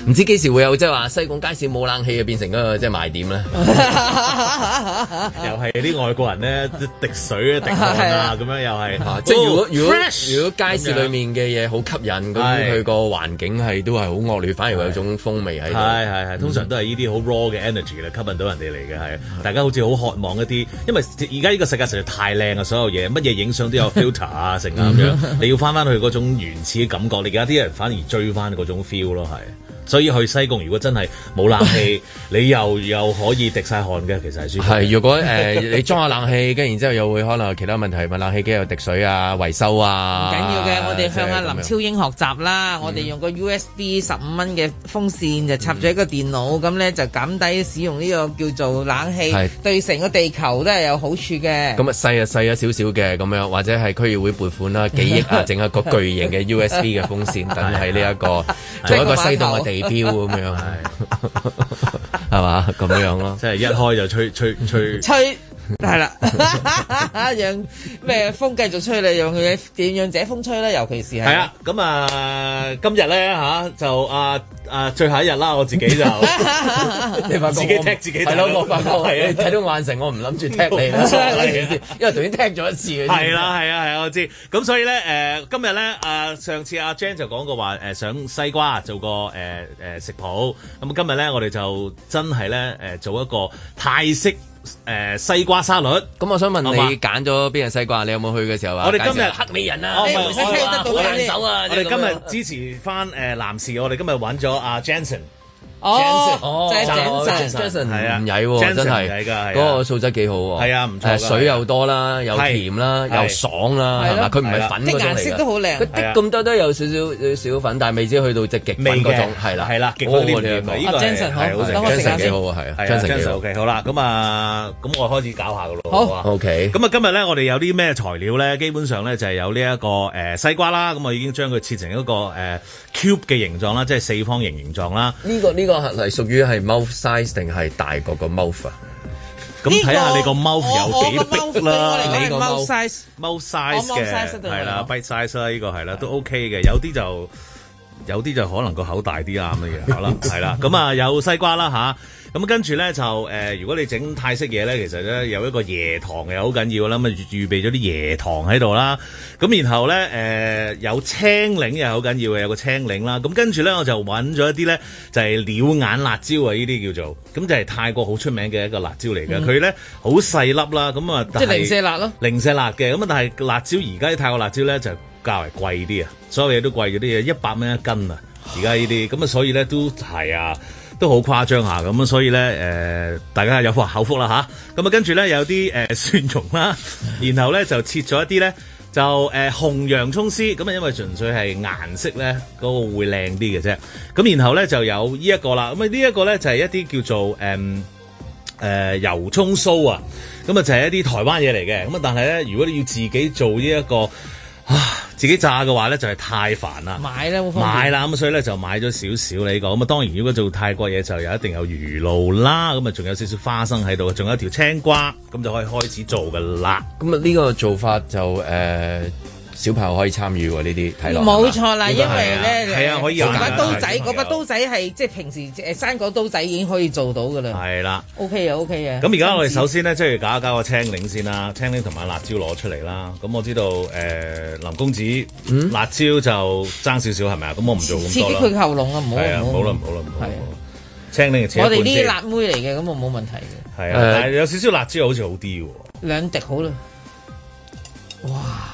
唔知幾時會有即係話西貢街市冇冷氣啊，變成嗰個即係賣點咧。 又係啲外國人咧滴水滴啊滴啊咁樣又係，啊啊。即係如果，哦、如果 crash, 如果街市裡面嘅嘢好吸引，咁佢個環境係都係好惡劣，反而會有一種風味喺度，嗯。通常都係呢啲好 raw 嘅 energy 咧吸引到人哋嚟嘅係。大家好似好渴望一啲，因為而家呢個世界實在太靚啊，所有嘢乜嘢影相都有 filter 啊，成咁樣。你要翻翻去嗰種原始嘅感覺，你而家啲人反而追翻嗰種 feel 咯，係。所以去西貢如果真係冇冷氣， 你又又可以滴晒汗嘅，其實係舒服，如果誒、呃、你裝下冷氣跟 然後之後又會可能有其他問題問冷氣機有滴水啊、維修啊。唔緊要嘅，我哋向阿、啊、林超英學習啦，我哋用個 USB 十五蚊嘅風扇就插咗一個電腦，咁、嗯、咧就減低使用呢個叫做冷氣對成個地球都係有好處嘅。咁啊細啊細咗少少嘅咁樣，或者係區議會撥款啦，幾億啊整一個巨型嘅 USB 嘅風扇 等喺呢一個做 一個西貢嘅地目 標咁樣係，係嘛咁樣咯，即 係一開就吹吹吹吹。吹 係啦，讓咩風繼續吹你，讓佢點樣者風吹啦，尤其是係。係啊，咁、嗯、啊，今日咧吓就啊啊最後一日啦，我自己就， 你發我發覺自己踢自己。係咯、啊，我發覺係睇到幻城我唔諗住踢你啦、嗯啊啊啊，因為頭先踢咗一次。係啦，係啊，係啊，啊，我知。咁所以咧，誒、呃，今日咧，誒、呃，上次阿、啊、Jan 就講過話，誒、呃，想西瓜做個誒誒、呃、食譜。咁、嗯、今日咧，我哋就真係咧，誒，做一個泰式。誒西瓜沙律，咁、嗯、我想問你揀咗邊個西瓜？你有冇去嘅時候啊？我哋今日黑美人啊，哦、啊聽得到好難受啊，我哋今日支持翻誒男士， 我哋今日揾咗阿 Jensen。哦，Jenson，Jenson 唔曳喎，真係嗰、啊那個素質幾好喎，係啊，唔、啊、錯水又多啦、啊，又甜啦、啊，又爽啦，嗱、啊，佢唔係粉嘅、啊，啲顏色都好靚，佢滴咁多都有少少少粉，但係未至於去到即係極粉嗰種，係啦、啊，係啦、啊，極好啲嘅，Jenson 好，Jenson 幾好喎，係啊，Jenson，OK 好啦，咁啊，咁我開始搞下嘅咯，好，OK，咁、這個、啊，今日咧我哋有啲咩材料咧，基本上咧就係有呢一個誒西瓜啦，咁我已經將佢切成一個誒 cube 嘅形狀啦，即係四方形形狀啦，呢個呢個。這個係屬於係 mouth size 定係大個個 mouth 啊、這個？咁睇下你個 mouth 有幾 big 啦！你講係 mouth size，mouth size 嘅係啦，bite size 啦、這個，呢個係啦，對對都 OK 嘅。有啲就，有啲就可能個口大啲啊咁嘅嘢，好啦，係啦。咁啊，有西瓜啦吓。啊啊 咁、嗯、跟住咧就誒、呃，如果你整泰式嘢咧，其實咧有一個椰糖嘅好緊要啦，咁啊預備咗啲椰糖喺度啦。咁然後咧誒、呃，有青檸又好緊要嘅，有個青檸啦。咁、嗯、跟住咧，我就揾咗一啲咧，就係、是、鳥眼辣椒啊，呢啲叫做。咁、嗯、就係、是、泰國好出名嘅一個辣椒嚟嘅，佢咧好細粒啦。咁啊，即係零舍辣咯，零舍辣嘅。咁啊，但係辣椒而家泰國辣椒咧就較為貴啲啊，所有嘢都貴咗啲嘅，一百蚊一斤啊。而家呢啲咁啊， 所以咧都係啊。都好誇張吓，咁所以咧、呃、大家有福啊口福啦吓，咁啊跟住咧有啲誒、呃、蒜蓉啦，然後咧就切咗一啲咧就誒、呃、紅洋蔥絲，咁啊因為純粹係顏色咧嗰、那個會靚啲嘅啫，咁然後咧就有、這個、呢、就是、一個啦，咁啊呢一個咧就係一啲叫做誒、呃呃、油葱酥啊，咁啊就係一啲台灣嘢嚟嘅，咁啊但係咧如果你要自己做呢、這、一個啊。自己炸嘅話咧，就係太煩啦。買啦，買啦，咁所以咧就買咗少少呢個。咁啊，當然如果做泰國嘢就有一定有魚露啦。咁啊，仲有少少花生喺度，仲有一條青瓜，咁就可以開始做㗎啦。咁啊，呢個做法就誒。呃小朋友可以參與喎，呢啲睇落，冇錯啦，因為咧，嗰把、啊啊啊、刀仔，嗰把、啊啊、刀仔係、啊啊、即係平時誒、呃、生果刀仔已經可以做到噶啦。係啦，OK 啊，OK 啊。咁而家我哋首先咧，即係、就是、搞一搞個青檸先啦、啊，青檸同埋辣椒攞出嚟啦。咁我知道誒、呃、林公子、嗯、辣椒就爭少少係咪啊？咁我唔做咁多啦、刺激佢喉嚨啊！唔好好啦唔好啦唔好青檸一一我哋呢啲辣妹嚟嘅，咁我冇問題嘅。係啊，啊，但係有少少辣椒好似好啲喎、啊。兩滴好啦。哇！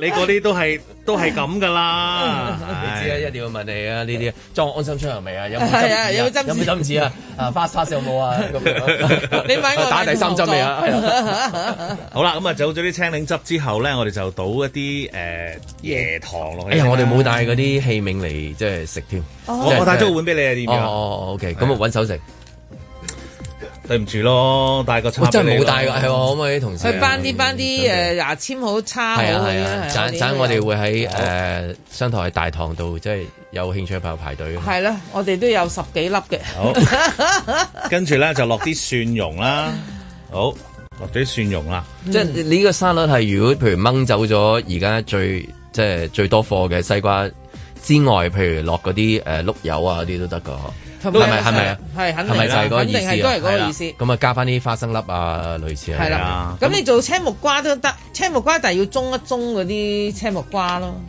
你嗰啲都係都係咁噶啦，你知啦，一定要問你啊呢啲，裝安心出行未啊，啊？有冇針？有冇針？有冇針紙啊？ uh, 有有啊，花沙有冇啊？你問我打第三針未啊？嗯嗯 嗯嗯？好啦，咁啊走咗啲青檸汁之後咧，我哋就倒一啲誒、呃、椰糖落去，哎呀。我哋冇帶嗰啲器皿嚟即係食添，我我帶咗個碗俾你啊，點樣？哦，OK，咁我揾手食。對唔住咯，帶個叉俾你。我真係冇帶，係可唔可以同事？去班啲班啲誒牙籤好叉好。係啊係啊係、啊啊、我哋會喺誒商台喺大堂度，即係有興趣朋友排隊。係啦、啊、我哋都有十幾粒嘅。好，跟住咧就落啲蒜蓉啦。好，落啲蒜蓉啦。即係呢個沙律係如果譬如掹走咗而家最即係最多貨嘅西瓜之外，譬如落嗰啲誒碌柚啊嗰啲都得噶。係咪係咪啊？係肯定係，肯定係都係嗰個意思。咁啊，加翻啲花生粒啊，類似係啊。咁、啊你，啊、你做青木瓜都得，青木瓜但係要中一中嗰啲青木瓜咯。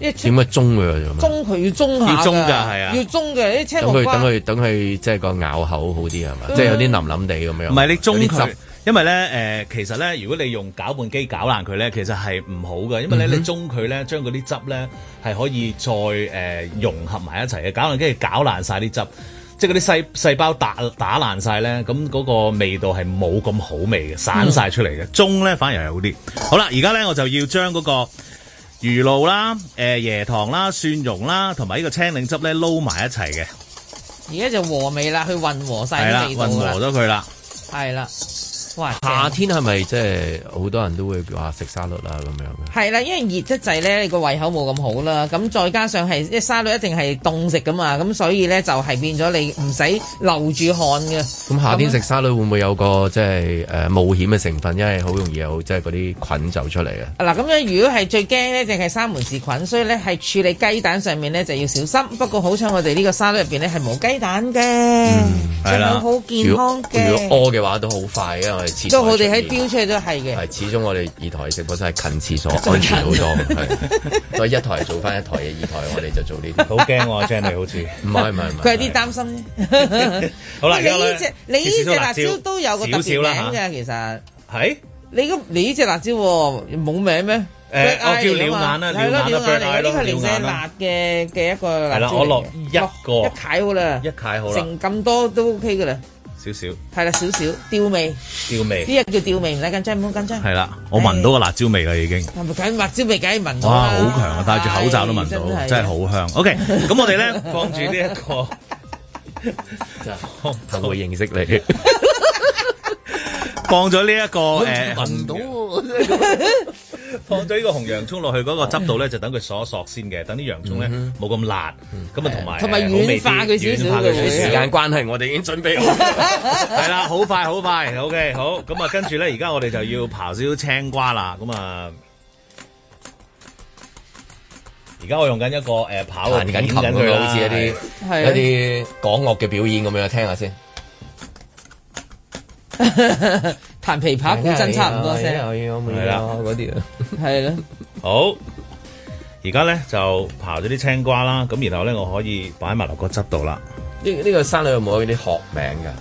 點解中啊？中佢要中下㗎，要中嘅啲青木瓜。等佢等佢等佢，即係個咬口好啲係嘛？即係有啲腍腍哋咁樣。唔係你中佢。因為咧，誒、呃，其實咧，如果你用攪拌機攪爛佢咧，其實係唔好嘅，因為咧，你盅佢咧，將嗰啲汁咧係可以再誒、呃、融合埋一齊嘅，攪拌機攪爛晒啲汁，即係嗰啲細細胞打打爛晒咧，咁嗰個味道係冇咁好味嘅，散晒出嚟嘅，嗯，盅咧反而係好啲。好啦，而家咧我就要將嗰個魚露啦、誒、呃、椰糖啦、蒜蓉啦，同埋呢個青檸汁咧撈埋一齊嘅。而家就和味啦，去混和晒啲味道啦。混合咗佢啦。係啦。啊、夏天係咪即係好多人都會話食沙律啊咁樣嘅？係啦，因為熱得滯咧，你個胃口冇咁好啦。咁再加上係沙律一定係凍食噶嘛，咁所以咧就係、是、變咗你唔使流住汗嘅。咁夏天食沙律會唔會有個即係誒冒險嘅成分？因為好容易有即係嗰啲菌走出嚟嘅。嗱、啊，咁樣如果係最驚咧，淨係沙門氏菌，所以咧係處理雞蛋上面咧就要小心。不過好彩我哋呢個沙律入邊咧係冇雞蛋嘅，係、嗯、啦，好健康嘅。如果屙嘅話都好快啊。都我哋喺飆出去都係嘅係始終我哋二台食本身係近廁所近安全好多 所以一台做翻一台嘅，二 台我哋就做呢啲。 好驚喎、啊，張力好似。唔係唔係唔係。佢、嗯、有啲擔心。 好啦，呢呢你呢隻你呢隻辣椒都有個特別名嘅，其實。係、啊。你你呢隻辣椒冇、哦、名咩？呃、我叫了鳥眼啊，鳥、嗯、眼啊，鳥眼咯、啊。鳥眼、啊。係啦、啊，我落、啊啊啊啊啊、一個一攤好啦，一攤好啦，成咁多都 OK 嘅啦。少少，係啦，少少，吊味、吊味，呢、這個叫吊味，唔使緊張，唔好緊張。係啦，我聞到個辣椒味啦，已經。唔、哎、緊辣椒味，梗係聞到。哇，好強啊！戴住口罩都聞到，哎、真係好香。OK，咁我哋咧 放住呢一個，好， 我會認識你， 放咗呢一個誒。 呃聞到 放咗呢個紅洋葱落去嗰個汁度咧，就等佢索索先嘅。等啲洋葱咧冇咁辣，咁啊同埋同埋軟化佢少少嘅。時間關係，我哋已經準備好。係 啦，好快好快。快 OK，好。咁啊，跟住咧，而家我哋就要刨少少青瓜啦。咁啊，而家我用緊一個誒，跑緊琴佢啦，好似一啲一啲港樂嘅表演咁樣，聽下先。 彈琵琶、古箏差唔多聲，係啦嗰啲啊，係啦 。好，而家咧就刨咗啲青瓜啦，咁然後咧我可以擺埋落個汁度啦。呢、這、呢個沙律有冇嗰啲學名噶，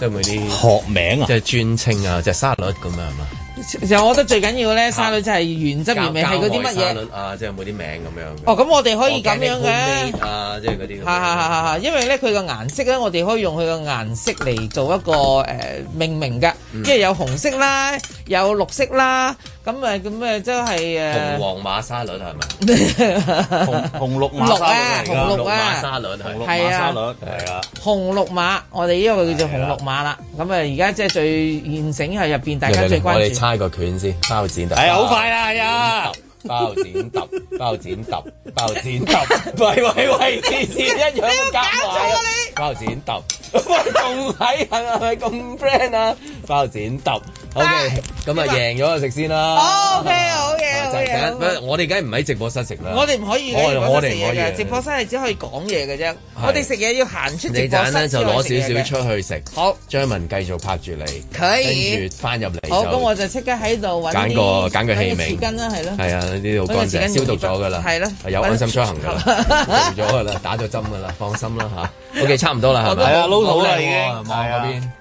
即係冇啲學名啊，即係尊稱啊，即、就、係、是、沙律咁樣啊。其實我覺得最緊要咧，沙律就係原汁原味，係嗰啲乜嘢？啊，即係有冇啲名咁樣？哦，咁我哋可以咁樣嘅啊，即係嗰啲。哈哈哈哈，因為咧佢個顏色咧，我哋可以用佢個顏色嚟做一個、呃、命名㗎，即、嗯、係有紅色啦，有綠色啦。咁誒咁誒，即係誒紅黃馬沙律係咪？紅紅綠馬沙律啊！紅綠馬沙律係啊！紅綠馬，我哋呢個叫做紅綠馬啦。咁誒，而家即係最現成係入邊，大家最關注。我哋猜個拳先，包剪揼。係啊，好快啊！係啊，包剪揼，包剪揼，包剪揼，喂喂喂，剪剪一樣夾。包剪揼，喂，仲睇下係咪咁 friend 啊？包剪揼。O K，咁啊就贏咗就食先啦。O K，好嘢，我哋梗唔喺直播室食啦。我哋唔可以喺直播室，直播室係只可以講嘢嘅啫。我哋食嘢要行出直播室你呢。你陣間就攞少少出去食。好，張文繼續拍住你，跟住翻入嚟。好，咁我就即刻喺度揀個揀個器皿。巾啦，係咯。係啊，呢度乾淨，消毒咗㗎啦。係咯，有安心出行㗎啦，做咗㗎啦， 打咗針㗎啦，放心啦嚇。 o、okay, K，差唔多啦，係 咪？係啊，撈肚啦已經，係啊。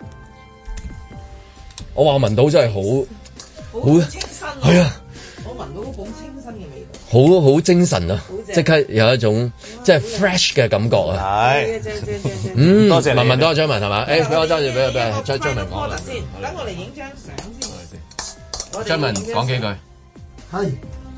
我話我聞到真係好，好清新喎，係啊，我聞到嗰種清新嘅味道，好好精神啊，即刻有一種即係 fresh 嘅感覺啊，係、嗯，多、嗯、謝，謝聞聞多啊，張文係嘛？誒、欸，俾我揸住，俾俾張文講 product, 先，等我嚟影張相先。我張文講幾句，係，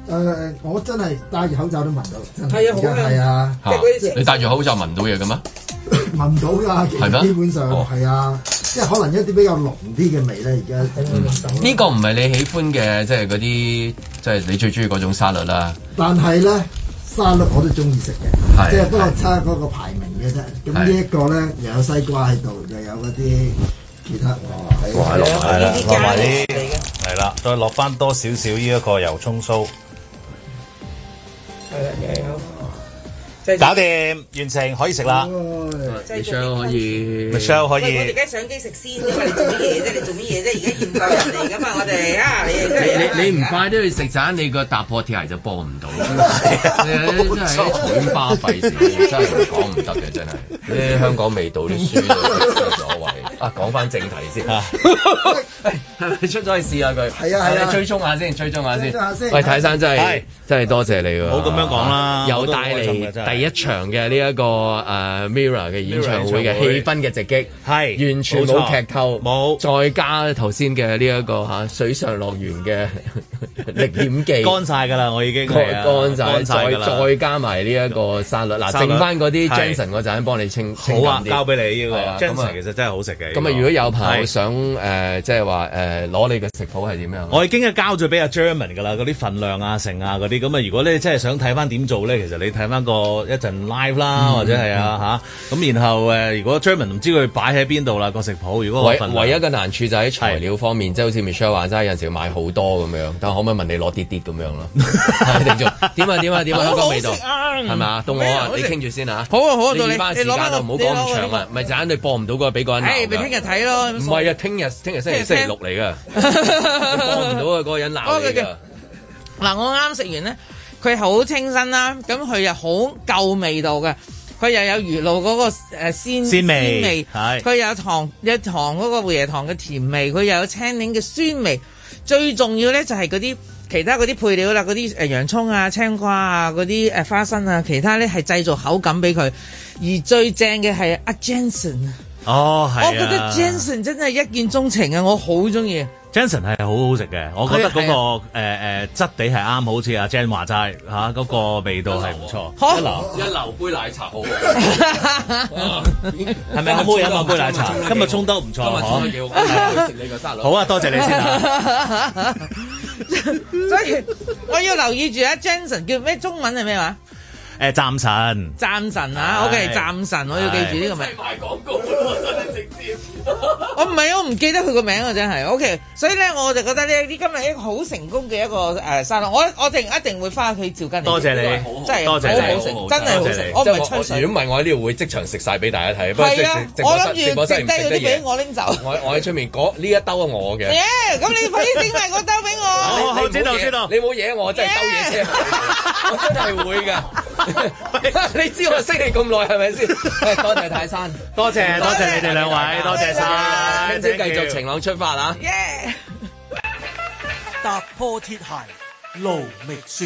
誒，我真係戴住口罩都聞到，係、 哎、啊，係、嗯就是、啊，你戴住口罩聞到嘢嘅咩？ 聞到㗎的，係咩？基本上係啊。是即係可能一啲比較濃啲嘅味咧，而家呢個唔係你喜歡嘅，即係嗰啲，即係你最中意嗰種沙律啦。但係咧，沙律我都中意食嘅，即係不過差嗰個排名嘅啫。咁呢一個咧又有西瓜喺度，又有嗰啲其他，哇，落埋啦，落埋啲，係啦，再落翻多少少呢一個油葱酥。係啦，搞掂完成可以食啦，Michelle 可以，Michelle 可以。我而家相機食先，你做乜嘢啫？你做乜嘢啫？而家現，現代人咁啊，我哋啊， 你你唔快啲去食盞，你個踏破鐵鞋就播唔到啦。真係一蠢巴閉，真係講唔得嘅，真係啲 香港味道啲書都冇所謂。 啊，講翻正題先、 哎、是是試試啊，誒、哎，你出咗去試下佢，係啊係啊，追蹤下先，追蹤下先、啊下先啊。喂，泰山真係、啊、真係多謝，謝你唔好咁樣講啦，又、啊、帶你一場嘅呢一個誒 Mirror 嘅演唱會嘅氣氛嘅直擊，係完全冇劇透，冇再加頭先嘅呢一個嚇、啊、水上樂園嘅歷險記， 演技 乾晒㗎啦，我已經乾晒。乾曬，再加埋呢一個沙律，嗱、啊、剩翻嗰啲 Jensen 嗰陣幫你清好啊，交俾你呢、這個 Jensen 其實真係好食嘅。咁啊、這個，如果有朋友想誒，即係話誒攞你嘅食譜係點樣？我已經係交咗俾阿 German 㗎啦，嗰啲份量啊、成啊嗰啲。咁啊，如果你真係想睇翻點做咧，其實你睇翻個。一陣 live 啦，或者係、嗯嗯、啊嚇，咁然後誒，如果 Jeremy 唔知佢擺喺邊度啦個食譜，如果個唯唯一嘅難處就喺材料方面，即係好似 Michelle 話齋，有陣時要買好多咁樣，但可唔可以問你攞啲啲咁樣咯？點啊點啊點啊，啊 香港味道係咪？到、啊、我啊，你傾住先啊。好啊好啊，到你。你攞時間唔好講咁長啊，咪就係硬係播唔到個俾個人。誒、哎，咪聽日睇咯。唔係啊，聽日聽日星期四六嚟噶， 播唔到 啊，嗰個人鬧你啊。嗱，我啱啱食完咧。佢好清新啦，咁佢又好夠味道嘅，佢又有魚露嗰個鮮，鮮味，佢有糖有糖嗰個椰糖嘅甜味，佢又有青檸嘅酸味，最重要呢就係嗰啲其他嗰啲配料啦，嗰啲洋葱啊、青瓜啊、嗰啲花生啊，其他呢係製造口感俾佢，而最正嘅係阿 Jensen 哦，係。我覺得 Jenson 真真係一見鍾情啊！我喜歡好中意。Jenson 係好好食嘅，我覺得嗰、那個誒誒質地係啱，好似阿 Jen 話齋吓嗰個味道係唔錯。一流，一流杯奶茶好。係咪我冇飲啊杯奶茶？今日沖得唔錯，嗬。食你個沙律。好啊，多謝你先、啊、 所以我要留意住阿 Jenson 叫咩中文係咩話？誒暫神，暫神啊，OK，暫神，我要記住呢、這個名。賣廣告， 我唔係，我唔記得佢個名啊！真係，OK。所以咧，我就覺得咧，呢今日一個好成功嘅一個誒沙龍，我我定一定會翻去照跟。多謝你，真係多謝你，真係好成功，真係好成功。我唔出面，如果唔係我呢度會即場食晒俾大家睇。係啊，我諗住淨低啲俾我拎走。我我喺出面，嗰呢一兜係我嘅。耶，咁你快啲拎埋嗰兜俾我。知道知道，你冇嘢，真係兜嘢啫。我真係會噶，你知我識你咁耐係咪先？多謝泰山，多謝多謝你哋兩位，多謝。聽姐繼續晴朗出發啊！踏、yeah. 破鐵鞋無覓處，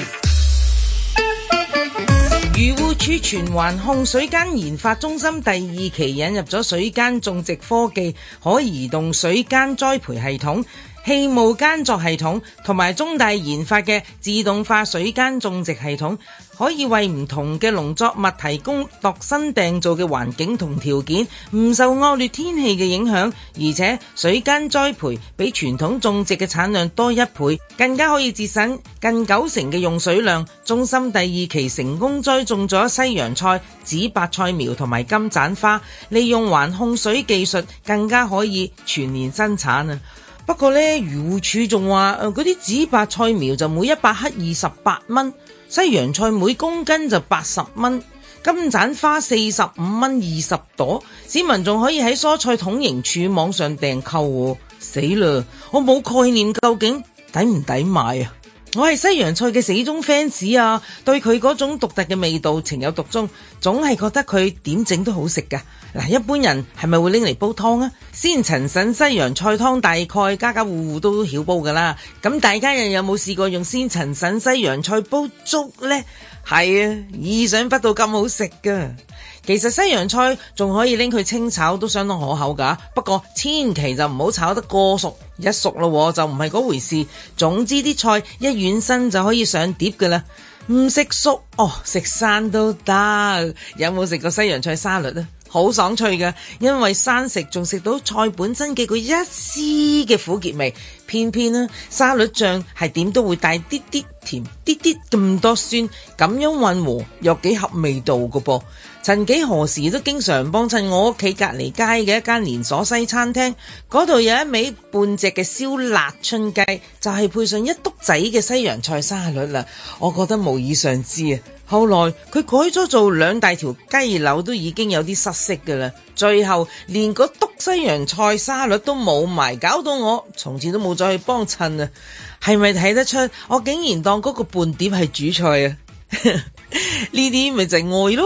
漁護處全環控水間研發中心第二期引入咗水間種植科技、可移動水間栽培系統、氣霧間作系統，同埋中大研發嘅自動化水間種植系統。可以為唔同嘅農作物提供度身訂造嘅環境同條件，唔受惡劣天氣嘅影響，而且水間栽培比傳統種植嘅產量多一倍，更加可以節省近九成嘅用水量。中心第二期成功栽種咗西洋菜、紫白菜苗同埋金盞花，利用環控水技術，更加可以全年生產啊！不過呢，漁護署仲話，嗰啲紫白菜苗就每一百克二十八蚊。西洋菜每公斤就八十蚊，金盞花四十五蚊二十朵，市民仲可以喺蔬菜統營處網上訂購。死啦，我冇概念究竟抵唔抵買啊！我係西洋菜嘅死忠 fans 啊，對佢嗰種獨特嘅味道情有獨鍾，總係覺得佢點整都好食噶。嗱，一般人係咪會拎嚟煲湯啊？鮮陳腎西洋菜湯大概家家戶戶都曉煲噶啦。咁大家又有冇試過用鮮陳腎西洋菜煲粥呢？係啊，意想不到咁好食噶～其實西洋菜仲可以拎佢清炒，都相當可口㗎。不過千祈就唔好炒得過熟，一熟咯就唔係嗰回事。總之啲菜一軟身就可以上碟㗎啦。唔食熟哦，食生都得。有冇食過西洋菜沙律呢？好爽脆嘅，因為生食仲食到菜本身嘅佢一絲嘅苦澀味，偏偏呢沙律醬係點都會帶啲啲甜，啲啲咁多酸，咁樣混和又幾合味道嘅噃。曾幾何時都經常幫襯我屋企隔離街嘅一間連鎖西餐廳，嗰度有一味半隻嘅燒辣春雞，就係、是、配上一篤仔嘅西洋菜沙律啦，我覺得無以尚之啊！後來佢改咗做兩大條雞柳都已經有啲失色嘅啦，最後連個篤西洋菜沙律都冇埋，搞到我從此都冇再去幫襯啊！係咪睇得出我竟然當嗰個伴碟係主菜啊？呢啲咪就係愛咯！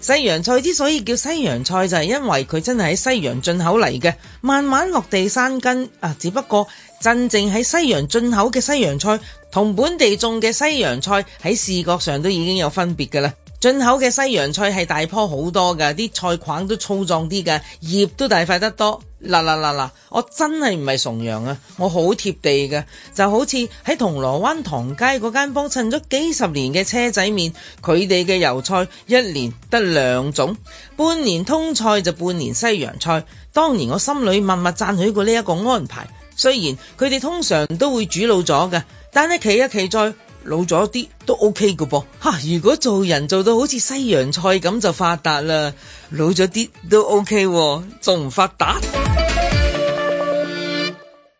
西洋菜之所以叫西洋菜，就係、是、因為佢真係喺西洋進口嚟,嘅，慢慢落地生根啊！只不過真正喺西洋進口嘅西洋菜。同本地種嘅西洋菜喺視覺上都已經有分別㗎啦，進口嘅西洋菜係大棵好多噶，啲菜框都粗壯啲噶，葉都大塊得多。嗱嗱嗱嗱，我真係唔係崇洋啊，我好貼地㗎。就好似喺銅鑼灣唐街嗰間幫襯咗幾十年嘅車仔麵，佢哋嘅油菜一年得兩種，半年通菜就半年西洋菜。當然我心裏默默讚許過呢一個安排，雖然佢哋通常都會煮老咗嘅。但係企一企再老咗啲都 OK 嘅噃，吓，啊，如果做人做到好似西洋菜咁就發達啦，老咗啲都 OK，仲唔發達？